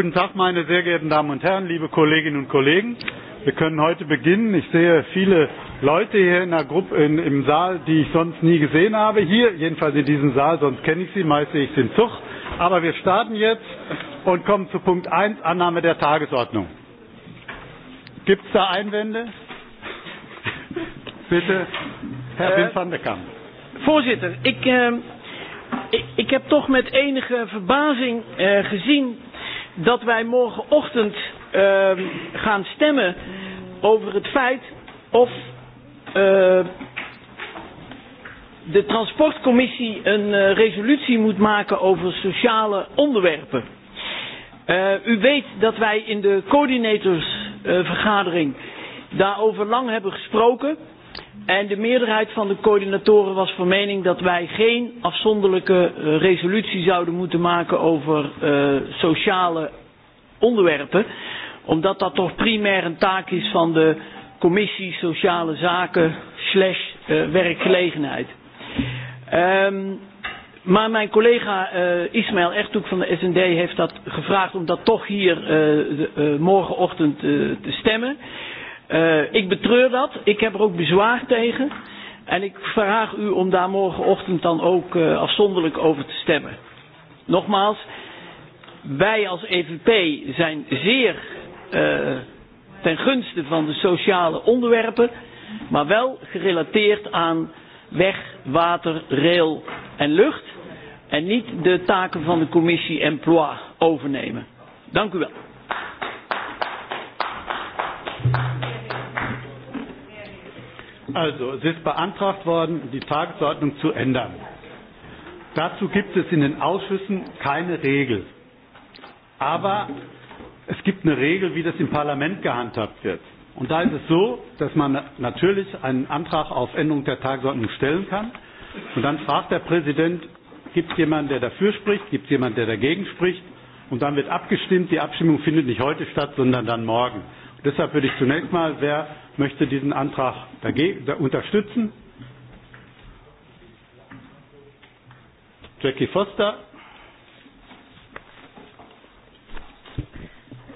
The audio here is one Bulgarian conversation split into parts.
Guten Tag, meine sehr geehrten Damen und Herren, liebe Kolleginnen und Kollegen. Wir können heute beginnen. Ich sehe viele Leute hier in der Gruppe, in, im Saal, die ich sonst nie gesehen habe. Hier, jedenfalls in diesem Saal, sonst kenne ich sie, meist sehe ich sie im Zug. Aber wir starten jetzt und kommen zu Punkt 1, Annahme der Tagesordnung. Gibt es da Einwände? Bitte, Herr Wim van der Kamp. Voorzitter, ik, äh, ik, ik heb toch met enige verbazing gezien dat wij morgenochtend uh, gaan stemmen over het feit of uh, de transportcommissie een uh, resolutie moet maken over sociale onderwerpen. Uh, u weet dat wij in de coördinatorsvergadering uh, daarover lang hebben gesproken. En de meerderheid van de coördinatoren was van mening dat wij geen afzonderlijke resolutie zouden moeten maken over uh, sociale onderwerpen. Omdat dat toch primair een taak is van de commissie sociale zaken slash uh, werkgelegenheid. Um, maar mijn collega uh, Ismaël Ertoek van de SND heeft dat gevraagd om dat toch hier uh, de, uh, morgenochtend uh, te stemmen. Uh, ik betreur dat. Ik heb er ook bezwaar tegen. En ik vraag u om daar morgenochtend dan ook uh, afzonderlijk over te stemmen. Nogmaals, wij als EVP zijn zeer uh, ten gunste van de sociale onderwerpen, maar wel gerelateerd aan weg, water, rail en lucht. En niet de taken van de commissie emploi overnemen. Dank u wel. Also, es ist beantragt worden, die Tagesordnung zu ändern. Dazu gibt es in den Ausschüssen keine Regel. Aber es gibt eine Regel, wie das im Parlament gehandhabt wird. Und da ist es so, dass man natürlich einen Antrag auf Änderung der Tagesordnung stellen kann. Und dann fragt der Präsident, gibt es jemanden, der dafür spricht, gibt es jemanden, der dagegen spricht. Und dann wird abgestimmt. Die Abstimmung findet nicht heute statt, sondern dann morgen. Deshalb würde ich zunächst mal, wer möchte diesen Antrag unterstützen. Jackie Foster.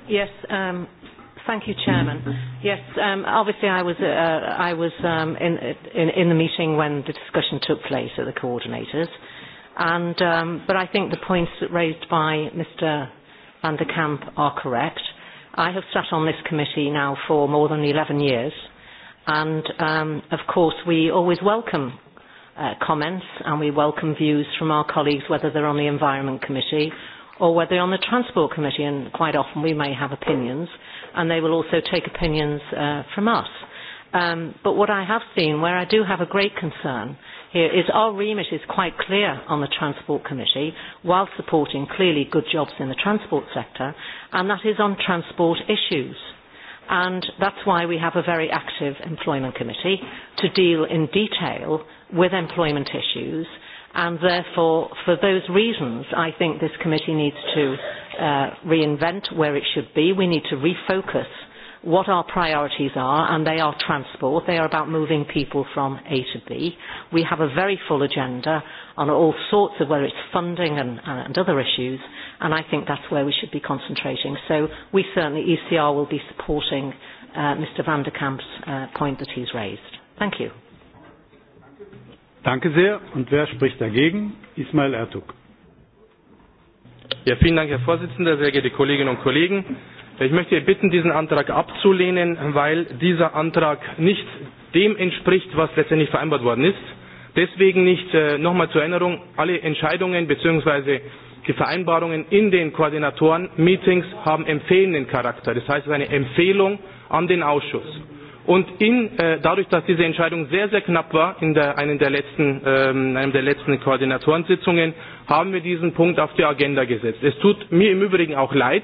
Yes, um, thank you, Chairman. Yes, um, obviously I was, uh, I was um, in, in, in the meeting when the discussion took place at the coordinators. And, um, but I think the points raised by Mr. Van der Kamp are correct. I have sat on this committee now for more than 11 years, and um, of course we always welcome uh, comments and we welcome views from our colleagues, whether they're on the Environment Committee or whether on the Transport Committee, and quite often we may have opinions, and they will also take opinions uh, from us. Um, but what I have seen, where I do have a great concern, here is our remit is quite clear on the Transport Committee, while supporting clearly good jobs in the transport sector, and that is on transport issues. And that's why we have a very active Employment Committee to deal in detail with employment issues. And therefore, for those reasons, I think this committee needs to uh, reinvent where it should be. We need to refocus uh, what our priorities are, and they are transport. They are about moving people from A to B. We have a very full agenda on all sorts of whether it's funding and, and other issues, and I think that's where we should be concentrating. So we certainly, ECR, will be supporting uh, Mr. van der Kamp's uh, point that he's raised. Thank you. Danke sehr. Und wer spricht dagegen? Ismail Ertug. Ja, vielen Dank, Herr Vorsitzender, sehr geehrte Kolleginnen und Kollegen. Ich möchte Sie bitten, diesen Antrag abzulehnen, weil dieser Antrag nicht dem entspricht, was letztendlich vereinbart worden ist. Deswegen nicht nochmal zur Erinnerung, alle Entscheidungen bzw. die Vereinbarungen in den Koordinatoren-Meetings haben empfehlenden Charakter. Das heißt, es ist eine Empfehlung an den Ausschuss. Und in, äh, dadurch, dass diese Entscheidung sehr, sehr knapp war in der, einem, der letzten, ähm, einem der letzten Koordinatorensitzungen, haben wir diesen Punkt auf die Agenda gesetzt. Es tut mir im Übrigen auch leid,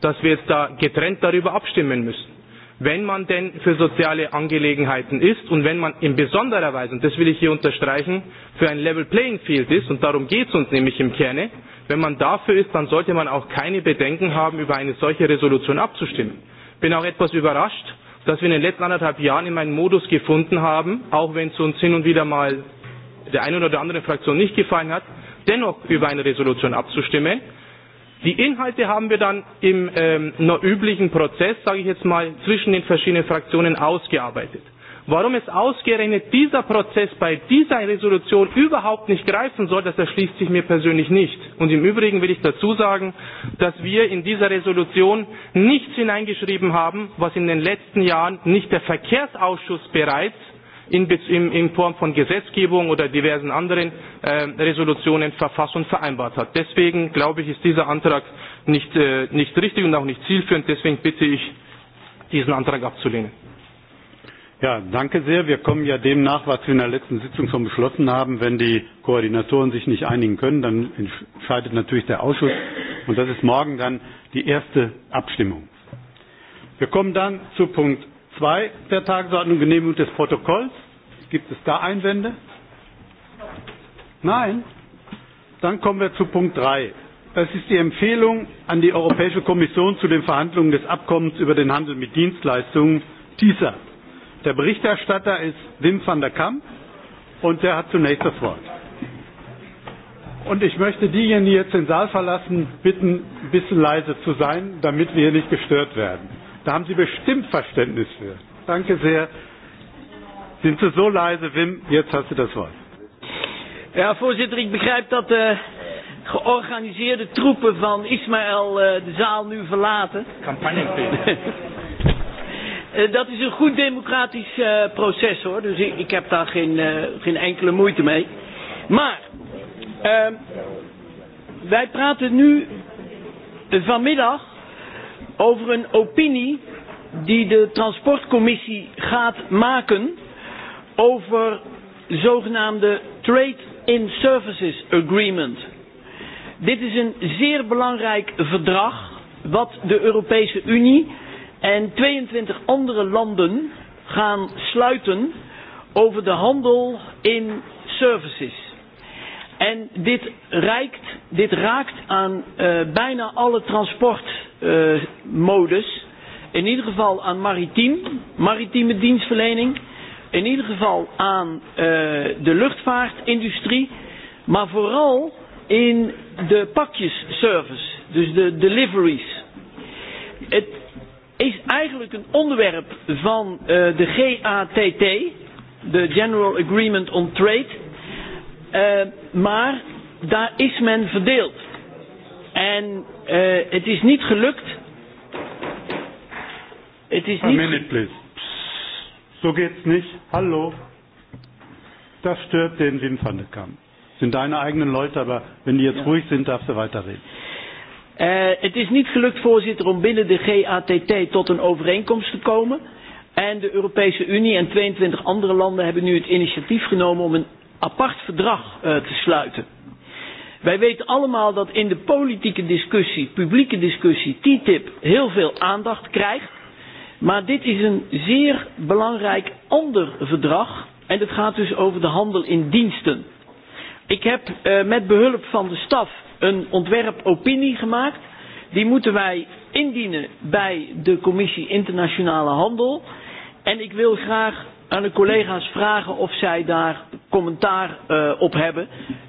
dass wir jetzt da getrennt darüber abstimmen müssen. Wenn man denn für soziale Angelegenheiten ist und wenn man in besonderer Weise, und das will ich hier unterstreichen, für ein Level Playing Field ist, und darum geht es uns nämlich im Kerne, wenn man dafür ist, dann sollte man auch keine Bedenken haben, über eine solche Resolution abzustimmen. Ich bin auch etwas überrascht, dass wir in den letzten anderthalb Jahren immer einen Modus gefunden haben, auch wenn es uns hin und wieder mal der einen oder anderen Fraktion nicht gefallen hat, dennoch über eine Resolution abzustimmen Die Inhalte haben wir dann im ähm, üblichen Prozess, sage ich jetzt mal, zwischen den verschiedenen Fraktionen ausgearbeitet. Warum es ausgerechnet dieser Prozess bei dieser Resolution überhaupt nicht greifen soll, das erschließt sich mir persönlich nicht. Und im Übrigen will ich dazu sagen, dass wir in dieser Resolution nichts hineingeschrieben haben, was in den letzten Jahren nicht der Verkehrsausschuss bereits in, in, in Form von Gesetzgebung oder diversen anderen äh, Resolutionen verfasst und vereinbart hat. Deswegen glaube ich, ist dieser Antrag nicht, äh, nicht richtig und auch nicht zielführend. Deswegen bitte ich, diesen Antrag abzulehnen. Ja, danke sehr. Wir kommen ja dem nach, was wir in der letzten Sitzung schon beschlossen haben. Wenn die Koordinatoren sich nicht einigen können, dann entscheidet natürlich der Ausschuss. Und das ist morgen dann die erste Abstimmung. Wir kommen dann zu Punkt 2 der Tagesordnung Genehmigung des Protokolls. Gibt es da Einwände? Nein? Dann kommen wir zu Punkt 3. Das ist die Empfehlung an die Europäische Kommission zu den Verhandlungen des Abkommens über den Handel mit Dienstleistungen, TISA. Der Berichterstatter ist Wim van der Kamp und der hat zunächst das Wort. Und ich möchte diejenigen, die jetzt den Saal verlassen, bitten, ein bisschen leise zu sein, damit wir hier nicht gestört werden. Da haben Sie bestimmt Verständnis für. Danke sehr. Sind Sie so leise, Wim? Jetzt hast du das Wort. Ja, voorzitter, ik begrijp dat de georganiseerde troepen van Ismaël de zaal nu verlaten. Campagneperiode. dat is een goed democratisch proces hoor, dus ik, ik heb daar geen, geen enkele moeite mee. Maar, uh, wij praten nu vanmiddag over een opinie die de transportcommissie gaat maken over zogenaamde Trade in Services Agreement. Dit is een zeer belangrijk verdrag wat de Europese Unie en 22 andere landen gaan sluiten over de handel in services. En dit, reikt, dit raakt aan uh, bijna alle transportmodus. Uh, in ieder geval aan maritiem, maritieme dienstverlening. In ieder geval aan uh, de luchtvaartindustrie. Maar vooral in de pakjesservice, dus de deliveries. Het is eigenlijk een onderwerp van uh, de GATT, de General Agreement on Trade Uh, maar daar is men verdeeld. En uh, het is niet gelukt. Het is niet. Een minute, please. Zo so het niet. Hallo. Dat stört den Wim van de Kamp. Het zijn deine eigenen Leute, maar wenn die jetzt ja. ruhig sind, darfst du weiterreden. Uh, het is niet gelukt, voorzitter, om binnen de GATT tot een overeenkomst te komen. En de Europese Unie en 22 andere landen hebben nu het initiatief genomen om een apart verdrag uh, te sluiten. Wij weten allemaal dat in de politieke discussie, publieke discussie, TTIP heel veel aandacht krijgt. Maar dit is een zeer belangrijk ander verdrag. En het gaat dus over de handel in diensten. Ik heb uh, met behulp van de staf een ontwerp opinie gemaakt. Die moeten wij indienen bij de Commissie Internationale Handel. En ik wil graag aan de collega's vragen of zij daar commentaar uh, op hebben.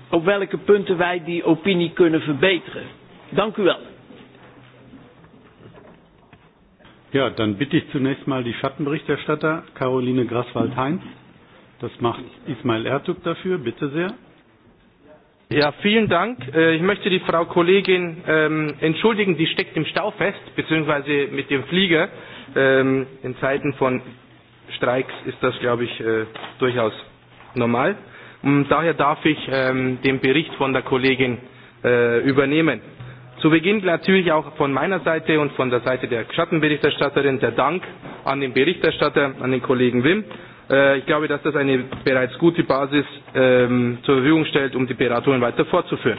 Op welke punten wij die opinie kunnen verbeteren. Dank u wel. Ja, dan bitte ich zunächst mal die Schattenberichterstatter Caroline Graswald-Heinz. Das macht Ismail Ertug dafür. Bitte sehr. Ja, vielen Dank. Ich möchte die Frau Kollegin ähm, entschuldigen, die steckt im Stau fest, beziehungsweise mit dem Flieger ähm, in Zeiten von Streiks ist das, glaube ich, durchaus normal. Und daher darf ich den Bericht von der Kollegin übernehmen. Zu Beginn natürlich auch von meiner Seite und von der Seite der Schattenberichterstatterin der Dank an den Berichterstatter, an den Kollegen Wim. Ich glaube, dass das eine bereits gute Basis zur Verfügung stellt, um die Beratungen weiter fortzuführen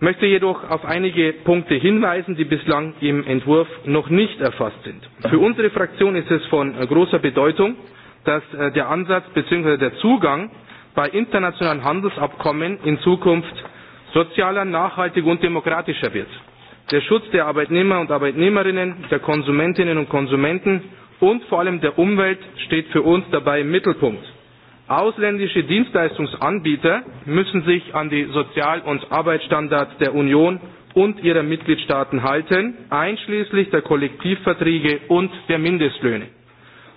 möchte jedoch auf einige Punkte hinweisen, die bislang im Entwurf noch nicht erfasst sind. Für unsere Fraktion ist es von großer Bedeutung, dass der Ansatz bzw. der Zugang bei internationalen Handelsabkommen in Zukunft sozialer, nachhaltiger und demokratischer wird. Der Schutz der Arbeitnehmer und Arbeitnehmerinnen, der Konsumentinnen und Konsumenten und vor allem der Umwelt steht für uns dabei im Mittelpunkt. Ausländische Dienstleistungsanbieter müssen sich an die Sozial- und Arbeitsstandards der Union und ihrer Mitgliedstaaten halten, einschließlich der Kollektivverträge und der Mindestlöhne.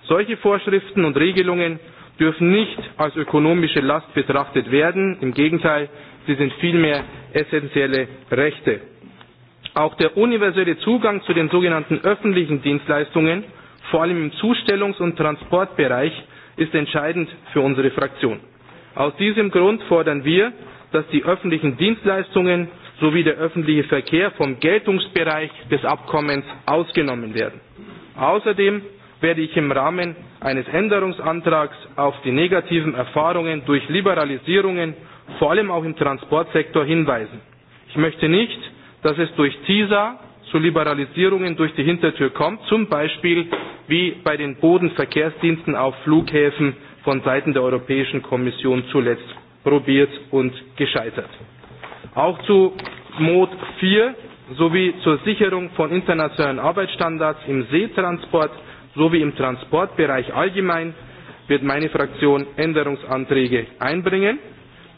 Solche Vorschriften und Regelungen dürfen nicht als ökonomische Last betrachtet werden. Im Gegenteil, sie sind vielmehr essentielle Rechte. Auch der universelle Zugang zu den sogenannten öffentlichen Dienstleistungen, vor allem im Zustellungs- und Transportbereich, ist entscheidend für unsere Fraktion. Aus diesem Grund fordern wir, dass die öffentlichen Dienstleistungen sowie der öffentliche Verkehr vom Geltungsbereich des Abkommens ausgenommen werden. Außerdem werde ich im Rahmen eines Änderungsantrags auf die negativen Erfahrungen durch Liberalisierungen, vor allem auch im Transportsektor, hinweisen. Ich möchte nicht, dass es durch TISA zu Liberalisierungen durch die Hintertür kommt, zum Beispiel wie bei den Bodenverkehrsdiensten auf Flughäfen von Seiten der Europäischen Kommission zuletzt probiert und gescheitert. Auch zu Mod 4 sowie zur Sicherung von internationalen Arbeitsstandards im Seetransport sowie im Transportbereich allgemein wird meine Fraktion Änderungsanträge einbringen.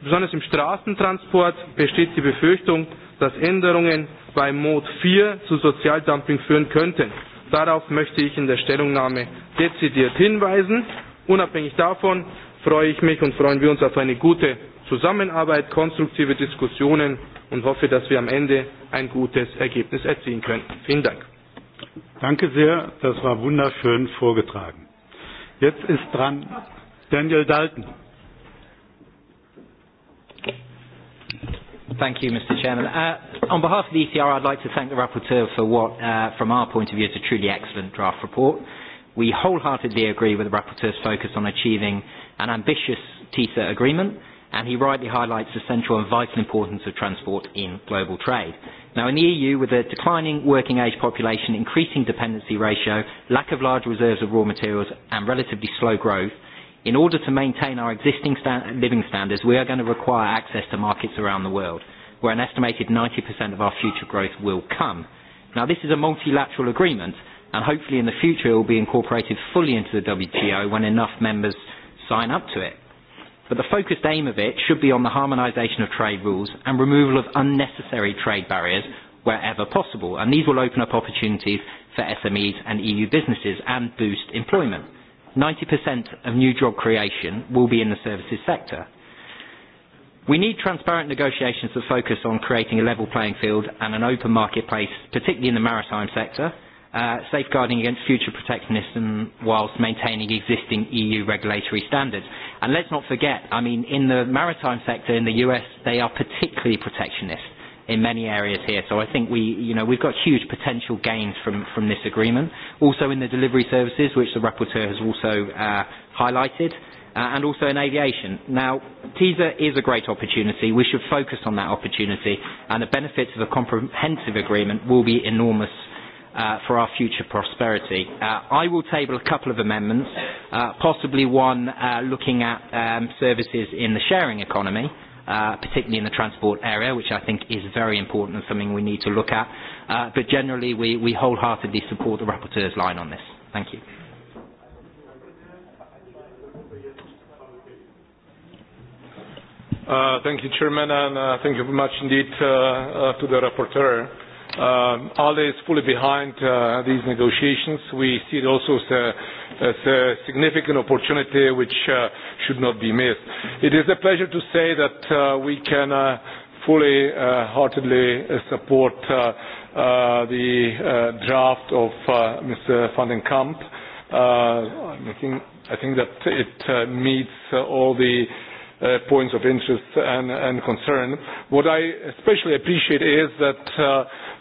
Besonders im Straßentransport besteht die Befürchtung, dass Änderungen bei Mod 4 zu Sozialdumping führen könnten. Darauf möchte ich in der Stellungnahme dezidiert hinweisen. Unabhängig davon freue ich mich und freuen wir uns auf eine gute Zusammenarbeit, konstruktive Diskussionen und hoffe, dass wir am Ende ein gutes Ergebnis erzielen können. Vielen Dank. Danke sehr, das war wunderschön vorgetragen. Jetzt ist dran Daniel Dalton. Thank you, Mr. Chairman. Uh, on behalf of the ECR, I'd like to thank the rapporteur for what, uh, from our point of view, is a truly excellent draft report. We wholeheartedly agree with the rapporteur's focus on achieving an ambitious TISA agreement, and he rightly highlights the central and vital importance of transport in global trade. Now, in the EU, with a declining working age population, increasing dependency ratio, lack of large reserves of raw materials, and relatively slow growth, In order to maintain our existing stand- living standards, we are going to require access to markets around the world, where an estimated 90% of our future growth will come. Now, this is a multilateral agreement, and hopefully in the future it will be incorporated fully into the WTO when enough members sign up to it. But the focused aim of it should be on the harmonisation of trade rules and removal of unnecessary trade barriers wherever possible, and these will open up opportunities for SMEs and EU businesses and boost employment. 90% of new job creation will be in the services sector. We need transparent negotiations that focus on creating a level playing field and an open marketplace, particularly in the maritime sector, uh, safeguarding against future protectionism whilst maintaining existing EU regulatory standards. And let's not forget, I mean, in the maritime sector in the US, they are particularly protectionist in many areas here. So I think we, you know, we've got huge potential gains from, from this agreement. Also in the delivery services, which the rapporteur has also uh, highlighted, uh, and also in aviation. Now, TISA is a great opportunity. We should focus on that opportunity, and the benefits of a comprehensive agreement will be enormous uh, for our future prosperity. Uh, I will table a couple of amendments, uh, possibly one uh, looking at um, services in the sharing economy, uh, particularly in the transport area, which I think is very important and something we need to look at. Uh, but generally, we, we wholeheartedly support the rapporteur's line on this. Thank you. Uh, thank you, Chairman, and uh, thank you very much indeed uh, uh, to the rapporteur ALDE is fully behind uh, these negotiations. We see it also as a, as a significant opportunity which uh, should not be missed. It is a pleasure to say that uh, we can uh, fully uh, heartedly support uh, uh, the uh, draft of uh, Mr. van den Kamp. Uh, I, think, I think that it uh, meets uh, all the uh, points of interest and, and concern. What I especially appreciate is that uh,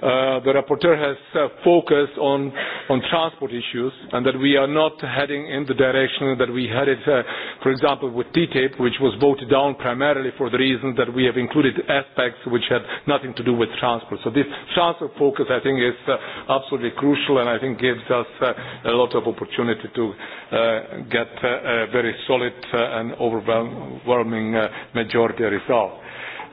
uh, the rapporteur has uh, focused on, on transport issues and that we are not heading in the direction that we headed, uh, for example, with TTIP, which was voted down primarily for the reason that we have included aspects which had nothing to do with transport. So this transport focus, I think, is uh, absolutely crucial and I think gives us uh, a lot of opportunity to uh, get uh, a very solid uh, and overwhelming overwhelming uh, majority result.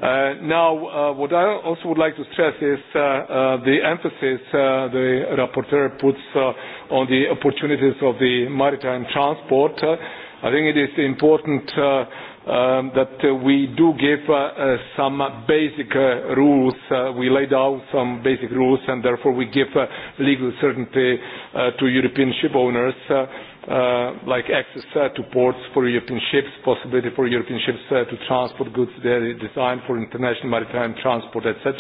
Uh, now, uh, what I also would like to stress is uh, uh, the emphasis uh, the rapporteur puts uh, on the opportunities of the maritime transport. Uh, I think it is important uh, um, that uh, we do give uh, uh, some basic uh, rules. Uh, we lay down some basic rules and therefore we give uh, legal certainty uh, to European ship owners. Uh, uh, like access uh, to ports for European ships, possibility for European ships uh, to transport goods that are designed for international maritime transport, etc.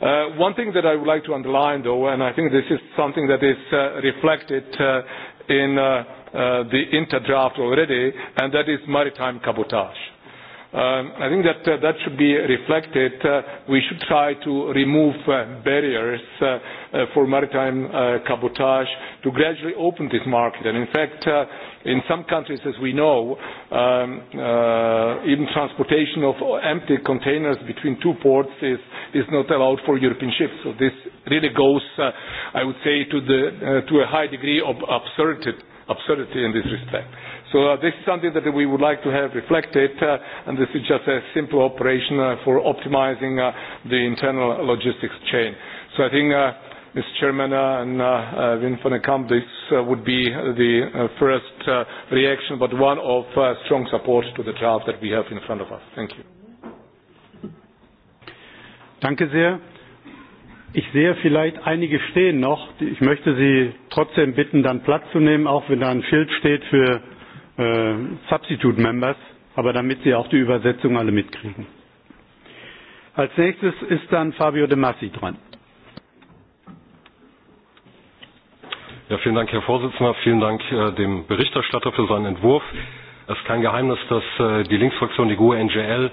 Uh, one thing that I would like to underline, though, and I think this is something that is uh, reflected uh, in uh, uh, the interdraft already, and that is maritime cabotage um, I think that uh, that should be reflected. Uh, we should try to remove uh, barriers uh, uh, for maritime uh, cabotage to gradually open this market. And in fact, uh, in some countries, as we know, um, uh, even transportation of empty containers between two ports is, is not allowed for European ships. So this really goes, uh, I would say, to, the, uh, to a high degree of absurdity, absurdity in this respect. So uh, this is something that we would like to have reflected, uh, and this is just a simple operation uh, for optimizing uh, the internal logistics chain. So I think, uh, Mr. Chairman uh, and uh, uh, Vin van der Kamp, this uh, would be the uh, first uh, reaction, but one of uh, strong support to the draft that we have in front of us. Thank you. Danke sehr. Ich sehe vielleicht einige stehen noch. Ich möchte Sie trotzdem bitten, dann Platz zu nehmen, auch wenn da ein Schild steht für äh, Substitute Members, aber damit Sie auch die Übersetzung alle mitkriegen. Als nächstes ist dann Fabio De Massi dran. Ja, vielen Dank, Herr Vorsitzender. Vielen Dank äh, dem Berichterstatter für seinen Entwurf. Es ist kein Geheimnis, dass äh, die Linksfraktion, die GUE NGL,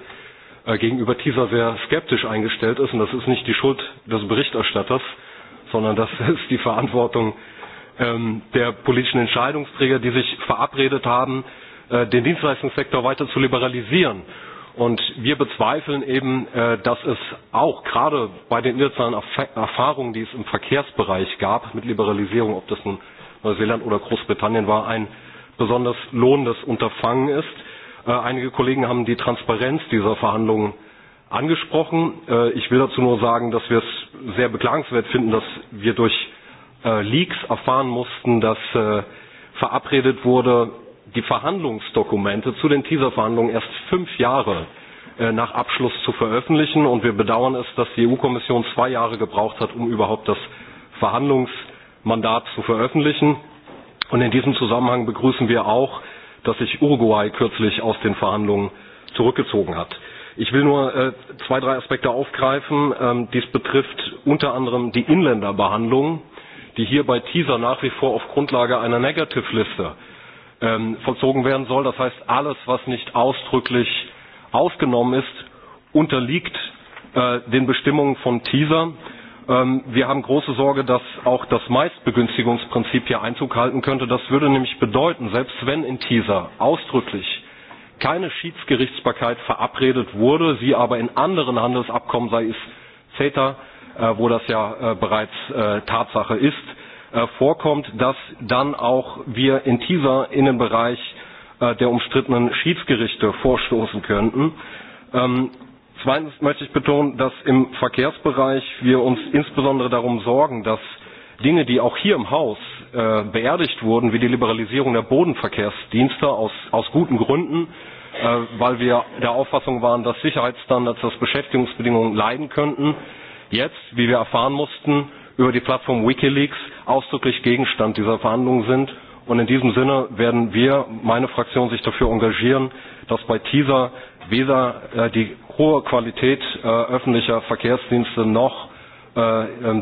äh, gegenüber TISA sehr skeptisch eingestellt ist. Und das ist nicht die Schuld des Berichterstatters, sondern das ist die Verantwortung der politischen Entscheidungsträger, die sich verabredet haben, den Dienstleistungssektor weiter zu liberalisieren. Und wir bezweifeln eben, dass es auch gerade bei den internationalen Erfahrungen, die es im Verkehrsbereich gab mit Liberalisierung, ob das nun Neuseeland oder Großbritannien war, ein besonders lohnendes Unterfangen ist. Einige Kollegen haben die Transparenz dieser Verhandlungen angesprochen. Ich will dazu nur sagen, dass wir es sehr beklagenswert finden, dass wir durch äh, Leaks erfahren mussten, dass äh, verabredet wurde, die Verhandlungsdokumente zu den TISA-Verhandlungen erst fünf Jahre nach Abschluss zu veröffentlichen. Und wir bedauern es, dass die EU-Kommission zwei Jahre gebraucht hat, um überhaupt das Verhandlungsmandat zu veröffentlichen. Und in diesem Zusammenhang begrüßen wir auch, dass sich Uruguay kürzlich aus den Verhandlungen zurückgezogen hat. Ich will nur äh, zwei, drei Aspekte aufgreifen. Ähm, dies betrifft unter anderem die Inländerbehandlung. Äh, die hier bei TISA nach wie vor auf Grundlage einer Negativliste ähm, vollzogen werden soll. Das heißt, alles, was nicht ausdrücklich ausgenommen ist, unterliegt äh, den Bestimmungen von TISA. Ähm, wir haben große Sorge, dass auch das Meistbegünstigungsprinzip hier Einzug halten könnte. Das würde nämlich bedeuten, selbst wenn in TISA ausdrücklich keine Schiedsgerichtsbarkeit verabredet wurde, sie aber in anderen Handelsabkommen, sei es CETA, wo das ja bereits Tatsache ist, vorkommt, dass dann auch wir in dieser Innenbereich der umstrittenen Schiedsgerichte vorstoßen könnten. Zweitens möchte ich betonen, dass im Verkehrsbereich wir uns insbesondere darum sorgen, dass Dinge, die auch hier im Haus äh, beerdigt wurden, wie die Liberalisierung der Bodenverkehrsdienste aus, aus guten Gründen, äh, weil wir der Auffassung waren, dass Sicherheitsstandards, dass Beschäftigungsbedingungen leiden könnten, jetzt, wie wir erfahren mussten, über die Plattform Wikileaks ausdrücklich Gegenstand dieser Verhandlungen sind. Und in diesem Sinne werden wir, meine Fraktion, sich dafür engagieren, dass bei TISA weder die hohe Qualität öffentlicher Verkehrsdienste noch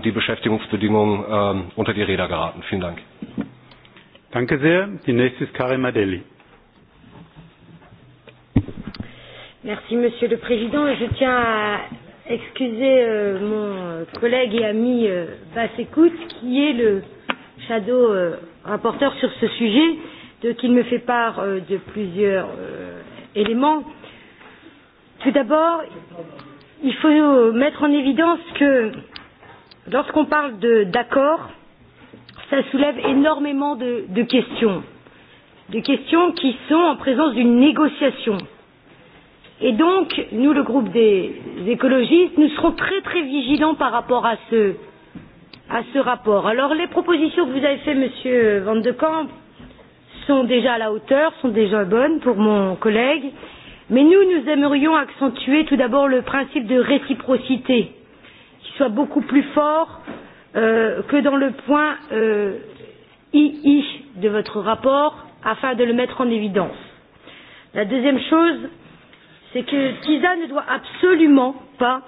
die Beschäftigungsbedingungen unter die Räder geraten. Vielen Dank. Danke sehr. Die nächste ist Karim Adeli. Merci, Monsieur le Président. Je tiens à excuser euh, mon collègue et ami euh, Bassécoute, qui est le shadow euh, rapporteur sur ce sujet, de qu'il me fait part euh, de plusieurs euh, éléments. Tout d'abord, il faut mettre en évidence que lorsqu'on parle d'accord, ça soulève énormément de, de questions, de questions qui sont en présence d'une négociation. Et donc, nous, le groupe des écologistes, nous serons très très vigilants par rapport à ce, à ce rapport. Alors, les propositions que vous avez faites, Monsieur Van de Kamp, sont déjà à la hauteur, sont déjà bonnes pour mon collègue, mais nous, nous aimerions accentuer tout d'abord le principe de réciprocité, qui soit beaucoup plus fort euh, que dans le point euh, II de votre rapport, afin de le mettre en évidence. La deuxième chose, c'est que TISA ne doit absolument pas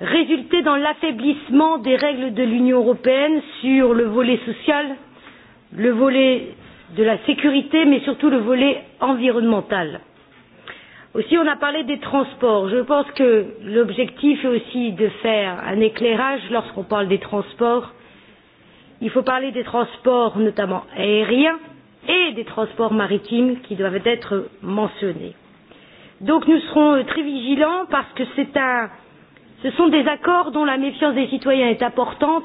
résulter dans l'affaiblissement des règles de l'Union européenne sur le volet social, le volet de la sécurité, mais surtout le volet environnemental. Aussi, on a parlé des transports. Je pense que l'objectif est aussi de faire un éclairage lorsqu'on parle des transports. Il faut parler des transports, notamment aériens, et des transports maritimes qui doivent être mentionnés. Donc nous serons très vigilants parce que c'est un, ce sont des accords dont la méfiance des citoyens est importante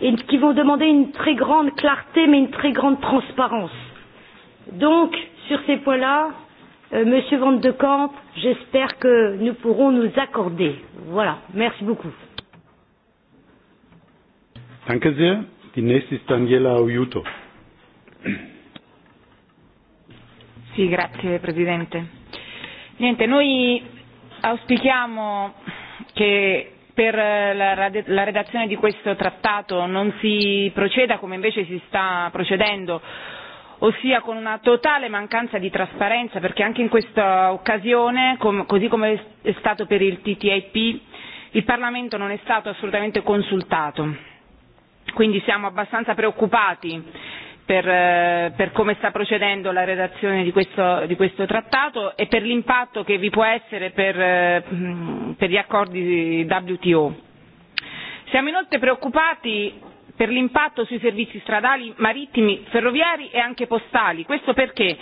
et qui vont demander une très grande clarté mais une très grande transparence. Donc sur ces points-là, euh, Monsieur Van de Camp, j'espère que nous pourrons nous accorder. Voilà, merci beaucoup. Danke sehr. Die nächste ist Daniela Sì, grazie Presidente. Niente, noi auspichiamo che per la redazione di questo trattato non si proceda come invece si sta procedendo, ossia con una totale mancanza di trasparenza, perché anche in questa occasione, così come è stato per il TTIP, il Parlamento non è stato assolutamente consultato. Quindi siamo abbastanza preoccupati per, per come sta procedendo la redazione di questo, di questo trattato e per l'impatto che vi può essere per, per gli accordi WTO. Siamo inoltre preoccupati per l'impatto sui servizi stradali, marittimi, ferroviari e anche postali. Questo perché?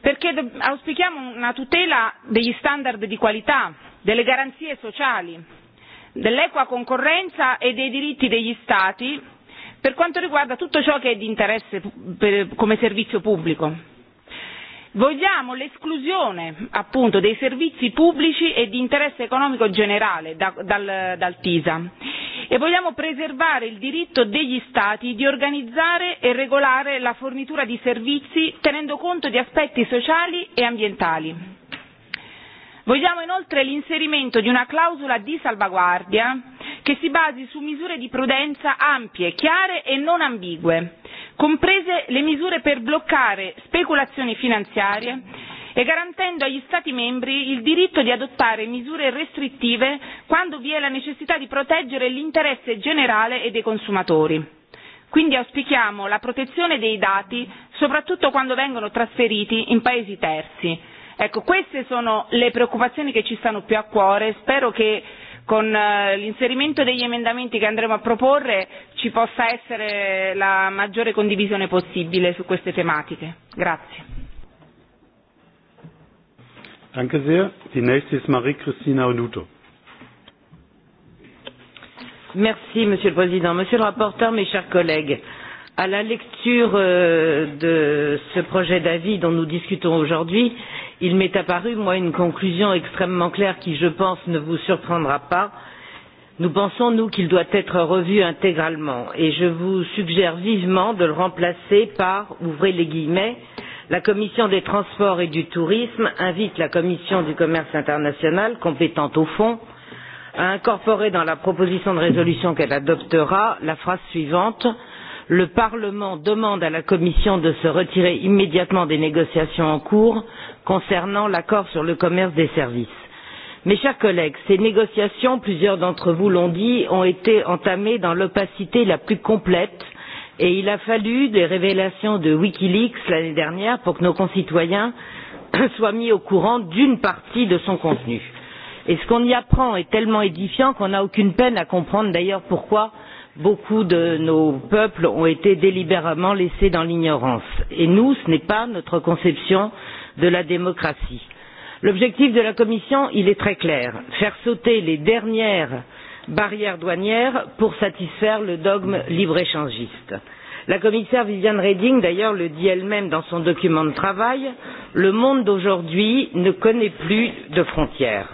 Perché auspichiamo una tutela degli standard di qualità, delle garanzie sociali, dell'equa concorrenza e dei diritti degli Stati per quanto riguarda tutto ciò che è di interesse per, come servizio pubblico. Vogliamo l'esclusione appunto dei servizi pubblici e di interesse economico generale da, dal, dal TISA e vogliamo preservare il diritto degli Stati di organizzare e regolare la fornitura di servizi tenendo conto di aspetti sociali e ambientali. Vogliamo inoltre l'inserimento di una clausola di salvaguardia che si basi su misure di prudenza ampie, chiare e non ambigue, comprese le misure per bloccare speculazioni finanziarie e garantendo agli Stati membri il diritto di adottare misure restrittive quando vi è la necessità di proteggere l'interesse generale e dei consumatori. Quindi auspichiamo la protezione dei dati, soprattutto quando vengono trasferiti in paesi terzi. Ecco, queste sono le preoccupazioni che ci stanno più a cuore. Spero che con l'inserimento degli emendamenti che andremo a proporre ci possa essere la maggiore condivisione possibile su queste tematiche. Grazie. Danke sehr. Die nächste ist Marie-Christina Onuto. Merci, Monsieur le Président. Monsieur le rapporteur, mes chers collègues, à la lecture de ce projet d'avis dont nous discutons aujourd'hui, il m'est apparu, moi, une conclusion extrêmement claire qui, je pense, ne vous surprendra pas. Nous pensons, nous, qu'il doit être revu intégralement et je vous suggère vivement de le remplacer par, ouvrez les guillemets, la commission des transports et du tourisme invite la commission du commerce international, compétente au fond, à incorporer dans la proposition de résolution qu'elle adoptera la phrase suivante le parlement demande à la commission de se retirer immédiatement des négociations en cours concernant l'accord sur le commerce des services. mes chers collègues ces négociations plusieurs d'entre vous l'ont dit ont été entamées dans l'opacité la plus complète et il a fallu des révélations de wikileaks l'année dernière pour que nos concitoyens soient mis au courant d'une partie de son contenu. et ce qu'on y apprend est tellement édifiant qu'on n'a aucune peine à comprendre d'ailleurs pourquoi beaucoup de nos peuples ont été délibérément laissés dans l'ignorance et nous ce n'est pas notre conception de la démocratie. l'objectif de la commission est très clair faire sauter les dernières barrières douanières pour satisfaire le dogme libre échangiste. la commissaire viviane reding d'ailleurs le dit elle même dans son document de travail le monde d'aujourd'hui ne connaît plus de frontières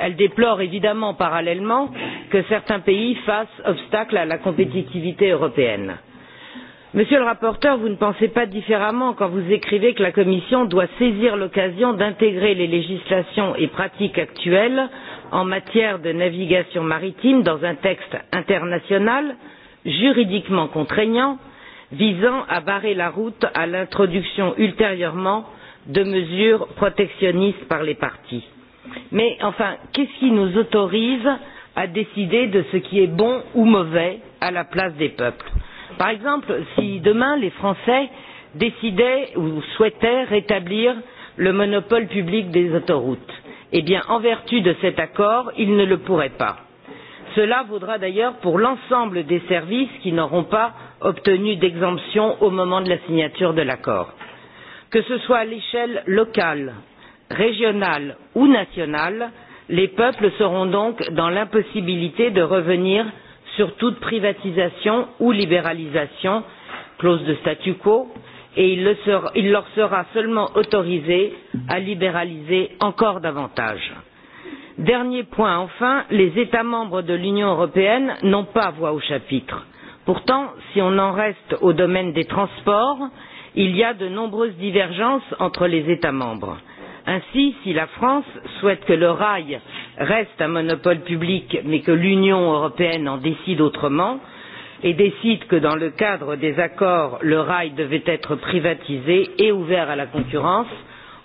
elle déplore évidemment parallèlement que certains pays fassent obstacle à la compétitivité européenne. monsieur le rapporteur vous ne pensez pas différemment quand vous écrivez que la commission doit saisir l'occasion d'intégrer les législations et pratiques actuelles en matière de navigation maritime dans un texte international juridiquement contraignant visant à barrer la route à l'introduction ultérieurement de mesures protectionnistes par les parties. Mais enfin, qu'est-ce qui nous autorise à décider de ce qui est bon ou mauvais à la place des peuples Par exemple, si demain les Français décidaient ou souhaitaient rétablir le monopole public des autoroutes, eh bien, en vertu de cet accord, ils ne le pourraient pas. Cela vaudra d'ailleurs pour l'ensemble des services qui n'auront pas obtenu d'exemption au moment de la signature de l'accord. Que ce soit à l'échelle locale, régionales ou nationales, les peuples seront donc dans l'impossibilité de revenir sur toute privatisation ou libéralisation, clause de statu quo, et il, le sera, il leur sera seulement autorisé à libéraliser encore davantage. Dernier point enfin, les États membres de l'Union européenne n'ont pas voix au chapitre. Pourtant, si on en reste au domaine des transports, il y a de nombreuses divergences entre les États membres Ainsi, si la France souhaite que le rail reste un monopole public, mais que l'Union européenne en décide autrement, et décide que dans le cadre des accords, le rail devait être privatisé et ouvert à la concurrence,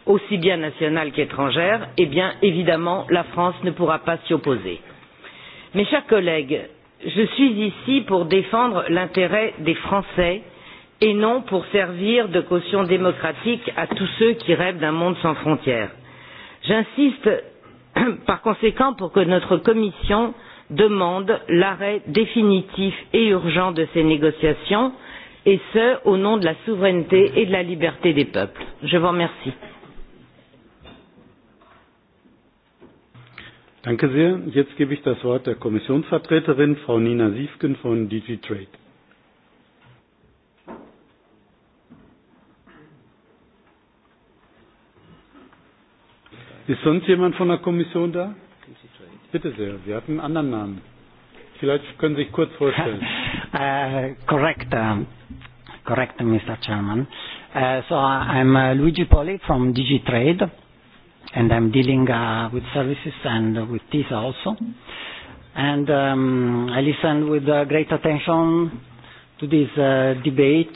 aussi bien nationale qu'étrangère, eh bien évidemment la France ne pourra pas s'y opposer. Mes chers collègues, je suis ici pour défendre l'intérêt des Français et non pour servir de caution démocratique à tous ceux qui rêvent d'un monde sans frontières. J'insiste par conséquent pour que notre commission demande l'arrêt définitif et urgent de ces négociations, et ce, au nom de la souveraineté et de la liberté des peuples. Je vous remercie. Danke sehr. Jetzt gebe ich das Wort der Kommissionsvertreterin, Frau Nina Siefken von DG Trade. Ist sonst jemand von der Kommission da? Bitte sehr, Sie hatten einen anderen Namen. Vielleicht können Sie sich kurz vorstellen. Korrekt, uh, korrekt, uh, Mr. Chairman. Uh, so I'm uh, Luigi Poli from DigiTrade and I'm dealing uh, with services and uh, with TISA also. And um, I listened with uh, great attention to this uh, debate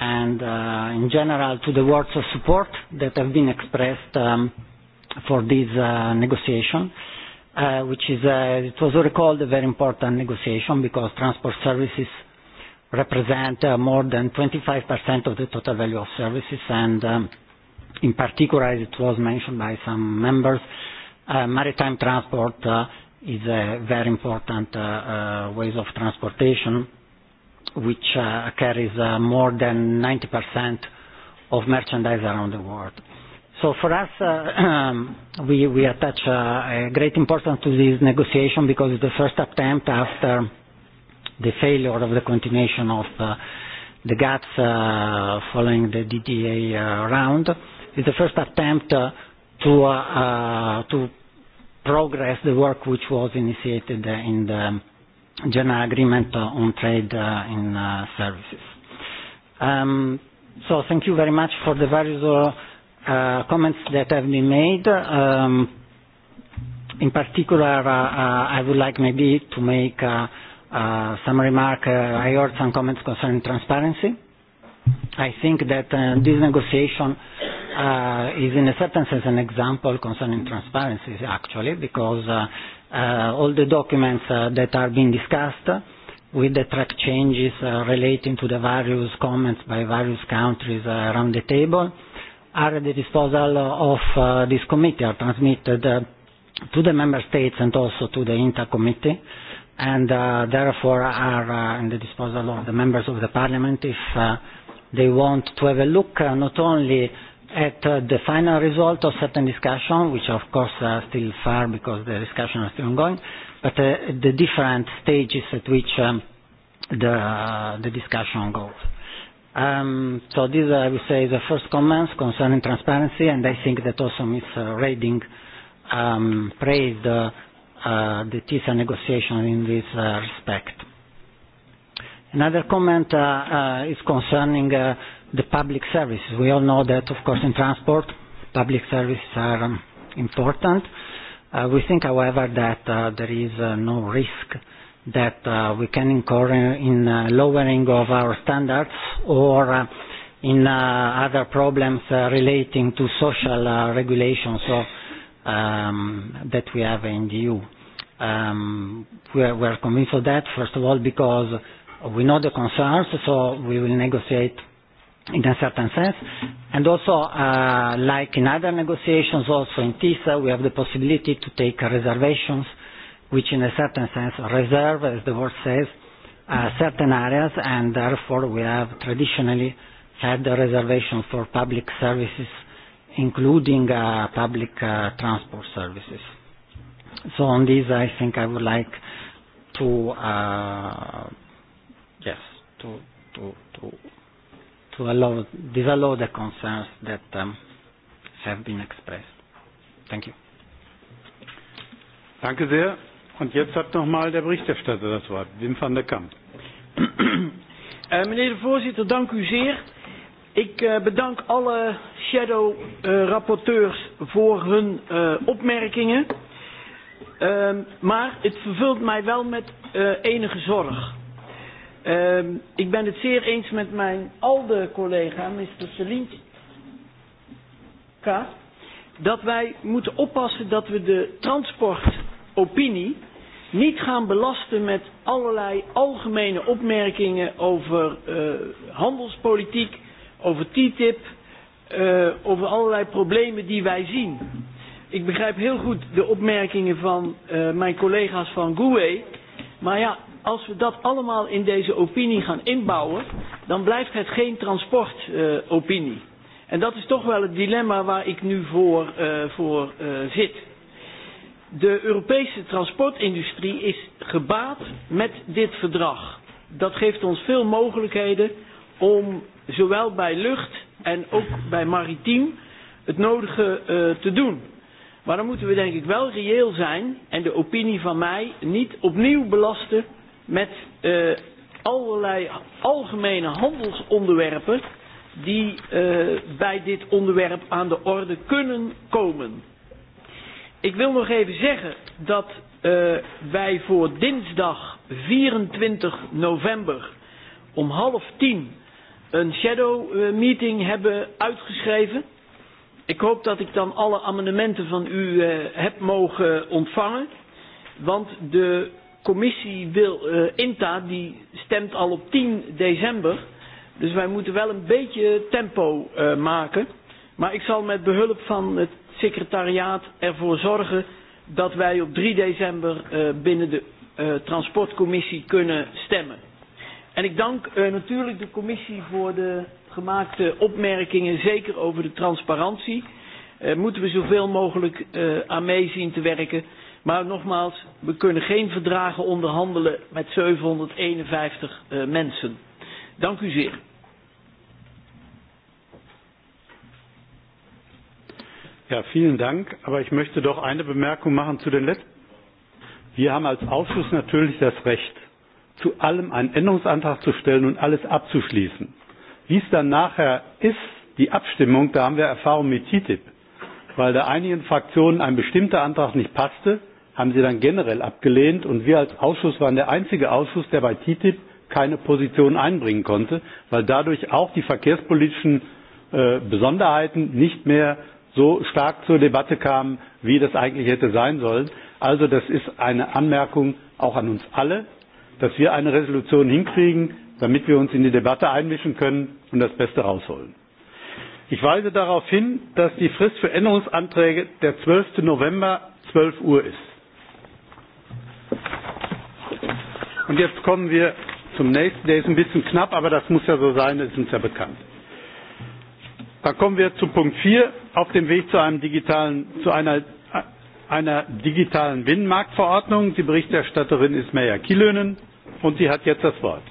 and uh, in general to the words of support that have been expressed um, for this uh, negotiation, uh, which is, uh, it was recalled a very important negotiation because transport services represent uh, more than 25% of the total value of services and um, in particular, as it was mentioned by some members, uh, maritime transport uh, is a very important uh, uh, ways of transportation which uh, carries uh, more than 90% of merchandise around the world. So for us, uh, um, we, we attach uh, a great importance to this negotiation because it's the first attempt after the failure of the continuation of uh, the GATS uh, following the DDA uh, round. It's the first attempt uh, to, uh, uh, to progress the work which was initiated in the General Agreement on Trade uh, in uh, Services. Um, so thank you very much for the various uh, uh, comments that have been made. Um, in particular, uh, uh, I would like maybe to make uh, uh, some remark. Uh, I heard some comments concerning transparency. I think that uh, this negotiation uh, is in a certain sense an example concerning transparency actually because uh, uh, all the documents uh, that are being discussed with the track changes uh, relating to the various comments by various countries uh, around the table are at the disposal of uh, this committee, are transmitted uh, to the member states and also to the INTA committee, and uh, therefore are uh, in the disposal of the members of the parliament if uh, they want to have a look uh, not only at uh, the final result of certain discussion, which of course are still far because the discussion is still ongoing, but uh, the different stages at which um, the, uh, the discussion goes. Um, so these are, I would say, the first comments concerning transparency, and I think that also Ms. Reding um, praised uh, uh, the TISA negotiation in this uh, respect. Another comment uh, uh, is concerning uh, the public services. We all know that, of course, in transport, public services are um, important. Uh, we think, however, that uh, there is uh, no risk that uh, we can incur in uh, lowering of our standards or uh, in uh, other problems uh, relating to social uh, regulations so, um, that we have in the EU. Um, we, are, we are convinced of that, first of all, because we know the concerns, so we will negotiate in a certain sense. And also, uh, like in other negotiations, also in TISA, we have the possibility to take reservations which in a certain sense reserve, as the word says, uh, certain areas, and therefore we have traditionally had the reservation for public services, including uh, public uh, transport services. So on this, I think I would like to, uh, yes, to, to, to, to allow, disallow the concerns that um, have been expressed. Thank you. Danke sehr. Und jetzt hat nochmal der Berichterstatter das Wort, Wim van der Kamp. Uh, meneer de voorzitter, dank u zeer. Ik uh, bedank alle shadow uh, rapporteurs voor hun uh, opmerkingen. Uh, maar het vervult mij wel met uh, enige zorg. Uh, ik ben het zeer eens met mijn alde collega, Mr. Selinka, dat wij moeten oppassen dat we de transportopinie niet gaan belasten met allerlei algemene opmerkingen over uh, handelspolitiek, over TTIP, uh, over allerlei problemen die wij zien. Ik begrijp heel goed de opmerkingen van uh, mijn collega's van GUE, maar ja, als we dat allemaal in deze opinie gaan inbouwen, dan blijft het geen transportopinie. Uh, en dat is toch wel het dilemma waar ik nu voor, uh, voor uh, zit. De Europese transportindustrie is gebaat met dit verdrag. Dat geeft ons veel mogelijkheden om zowel bij lucht en ook bij maritiem het nodige uh, te doen. Maar dan moeten we denk ik wel reëel zijn en de opinie van mij niet opnieuw belasten met uh, allerlei algemene handelsonderwerpen die uh, bij dit onderwerp aan de orde kunnen komen. Ik wil nog even zeggen dat uh, wij voor dinsdag 24 november om half tien een shadow meeting hebben uitgeschreven. Ik hoop dat ik dan alle amendementen van u uh, heb mogen ontvangen. Want de commissie wil, uh, INTA die stemt al op 10 december. Dus wij moeten wel een beetje tempo uh, maken. Maar ik zal met behulp van het secretariaat ervoor zorgen dat wij op 3 december uh, binnen de uh, transportcommissie kunnen stemmen. En ik dank uh, natuurlijk de commissie voor de gemaakte opmerkingen, zeker over de transparantie. Uh, moeten we zoveel mogelijk uh, aan mee zien te werken. Maar nogmaals, we kunnen geen verdragen onderhandelen met 751 uh, mensen. Dank u zeer. Ja, vielen Dank. Aber ich möchte doch eine Bemerkung machen zu den letzten. Wir haben als Ausschuss natürlich das Recht, zu allem einen Änderungsantrag zu stellen und alles abzuschließen. Wie es dann nachher ist, die Abstimmung, da haben wir Erfahrung mit TTIP. Weil da einigen Fraktionen ein bestimmter Antrag nicht passte, haben sie dann generell abgelehnt und wir als Ausschuss waren der einzige Ausschuss, der bei TTIP keine Position einbringen konnte, weil dadurch auch die verkehrspolitischen Besonderheiten nicht mehr so stark zur Debatte kamen, wie das eigentlich hätte sein sollen. Also das ist eine Anmerkung auch an uns alle, dass wir eine Resolution hinkriegen, damit wir uns in die Debatte einmischen können und das Beste rausholen. Ich weise darauf hin, dass die Frist für Änderungsanträge der 12. November 12 Uhr ist. Und jetzt kommen wir zum nächsten, der ist ein bisschen knapp, aber das muss ja so sein, das ist uns ja bekannt. Da kommen wir zu Punkt 4 auf dem Weg zu, einem digitalen, zu einer, einer digitalen Binnenmarktverordnung. Die Berichterstatterin ist Meja Kilönen und sie hat jetzt das Wort.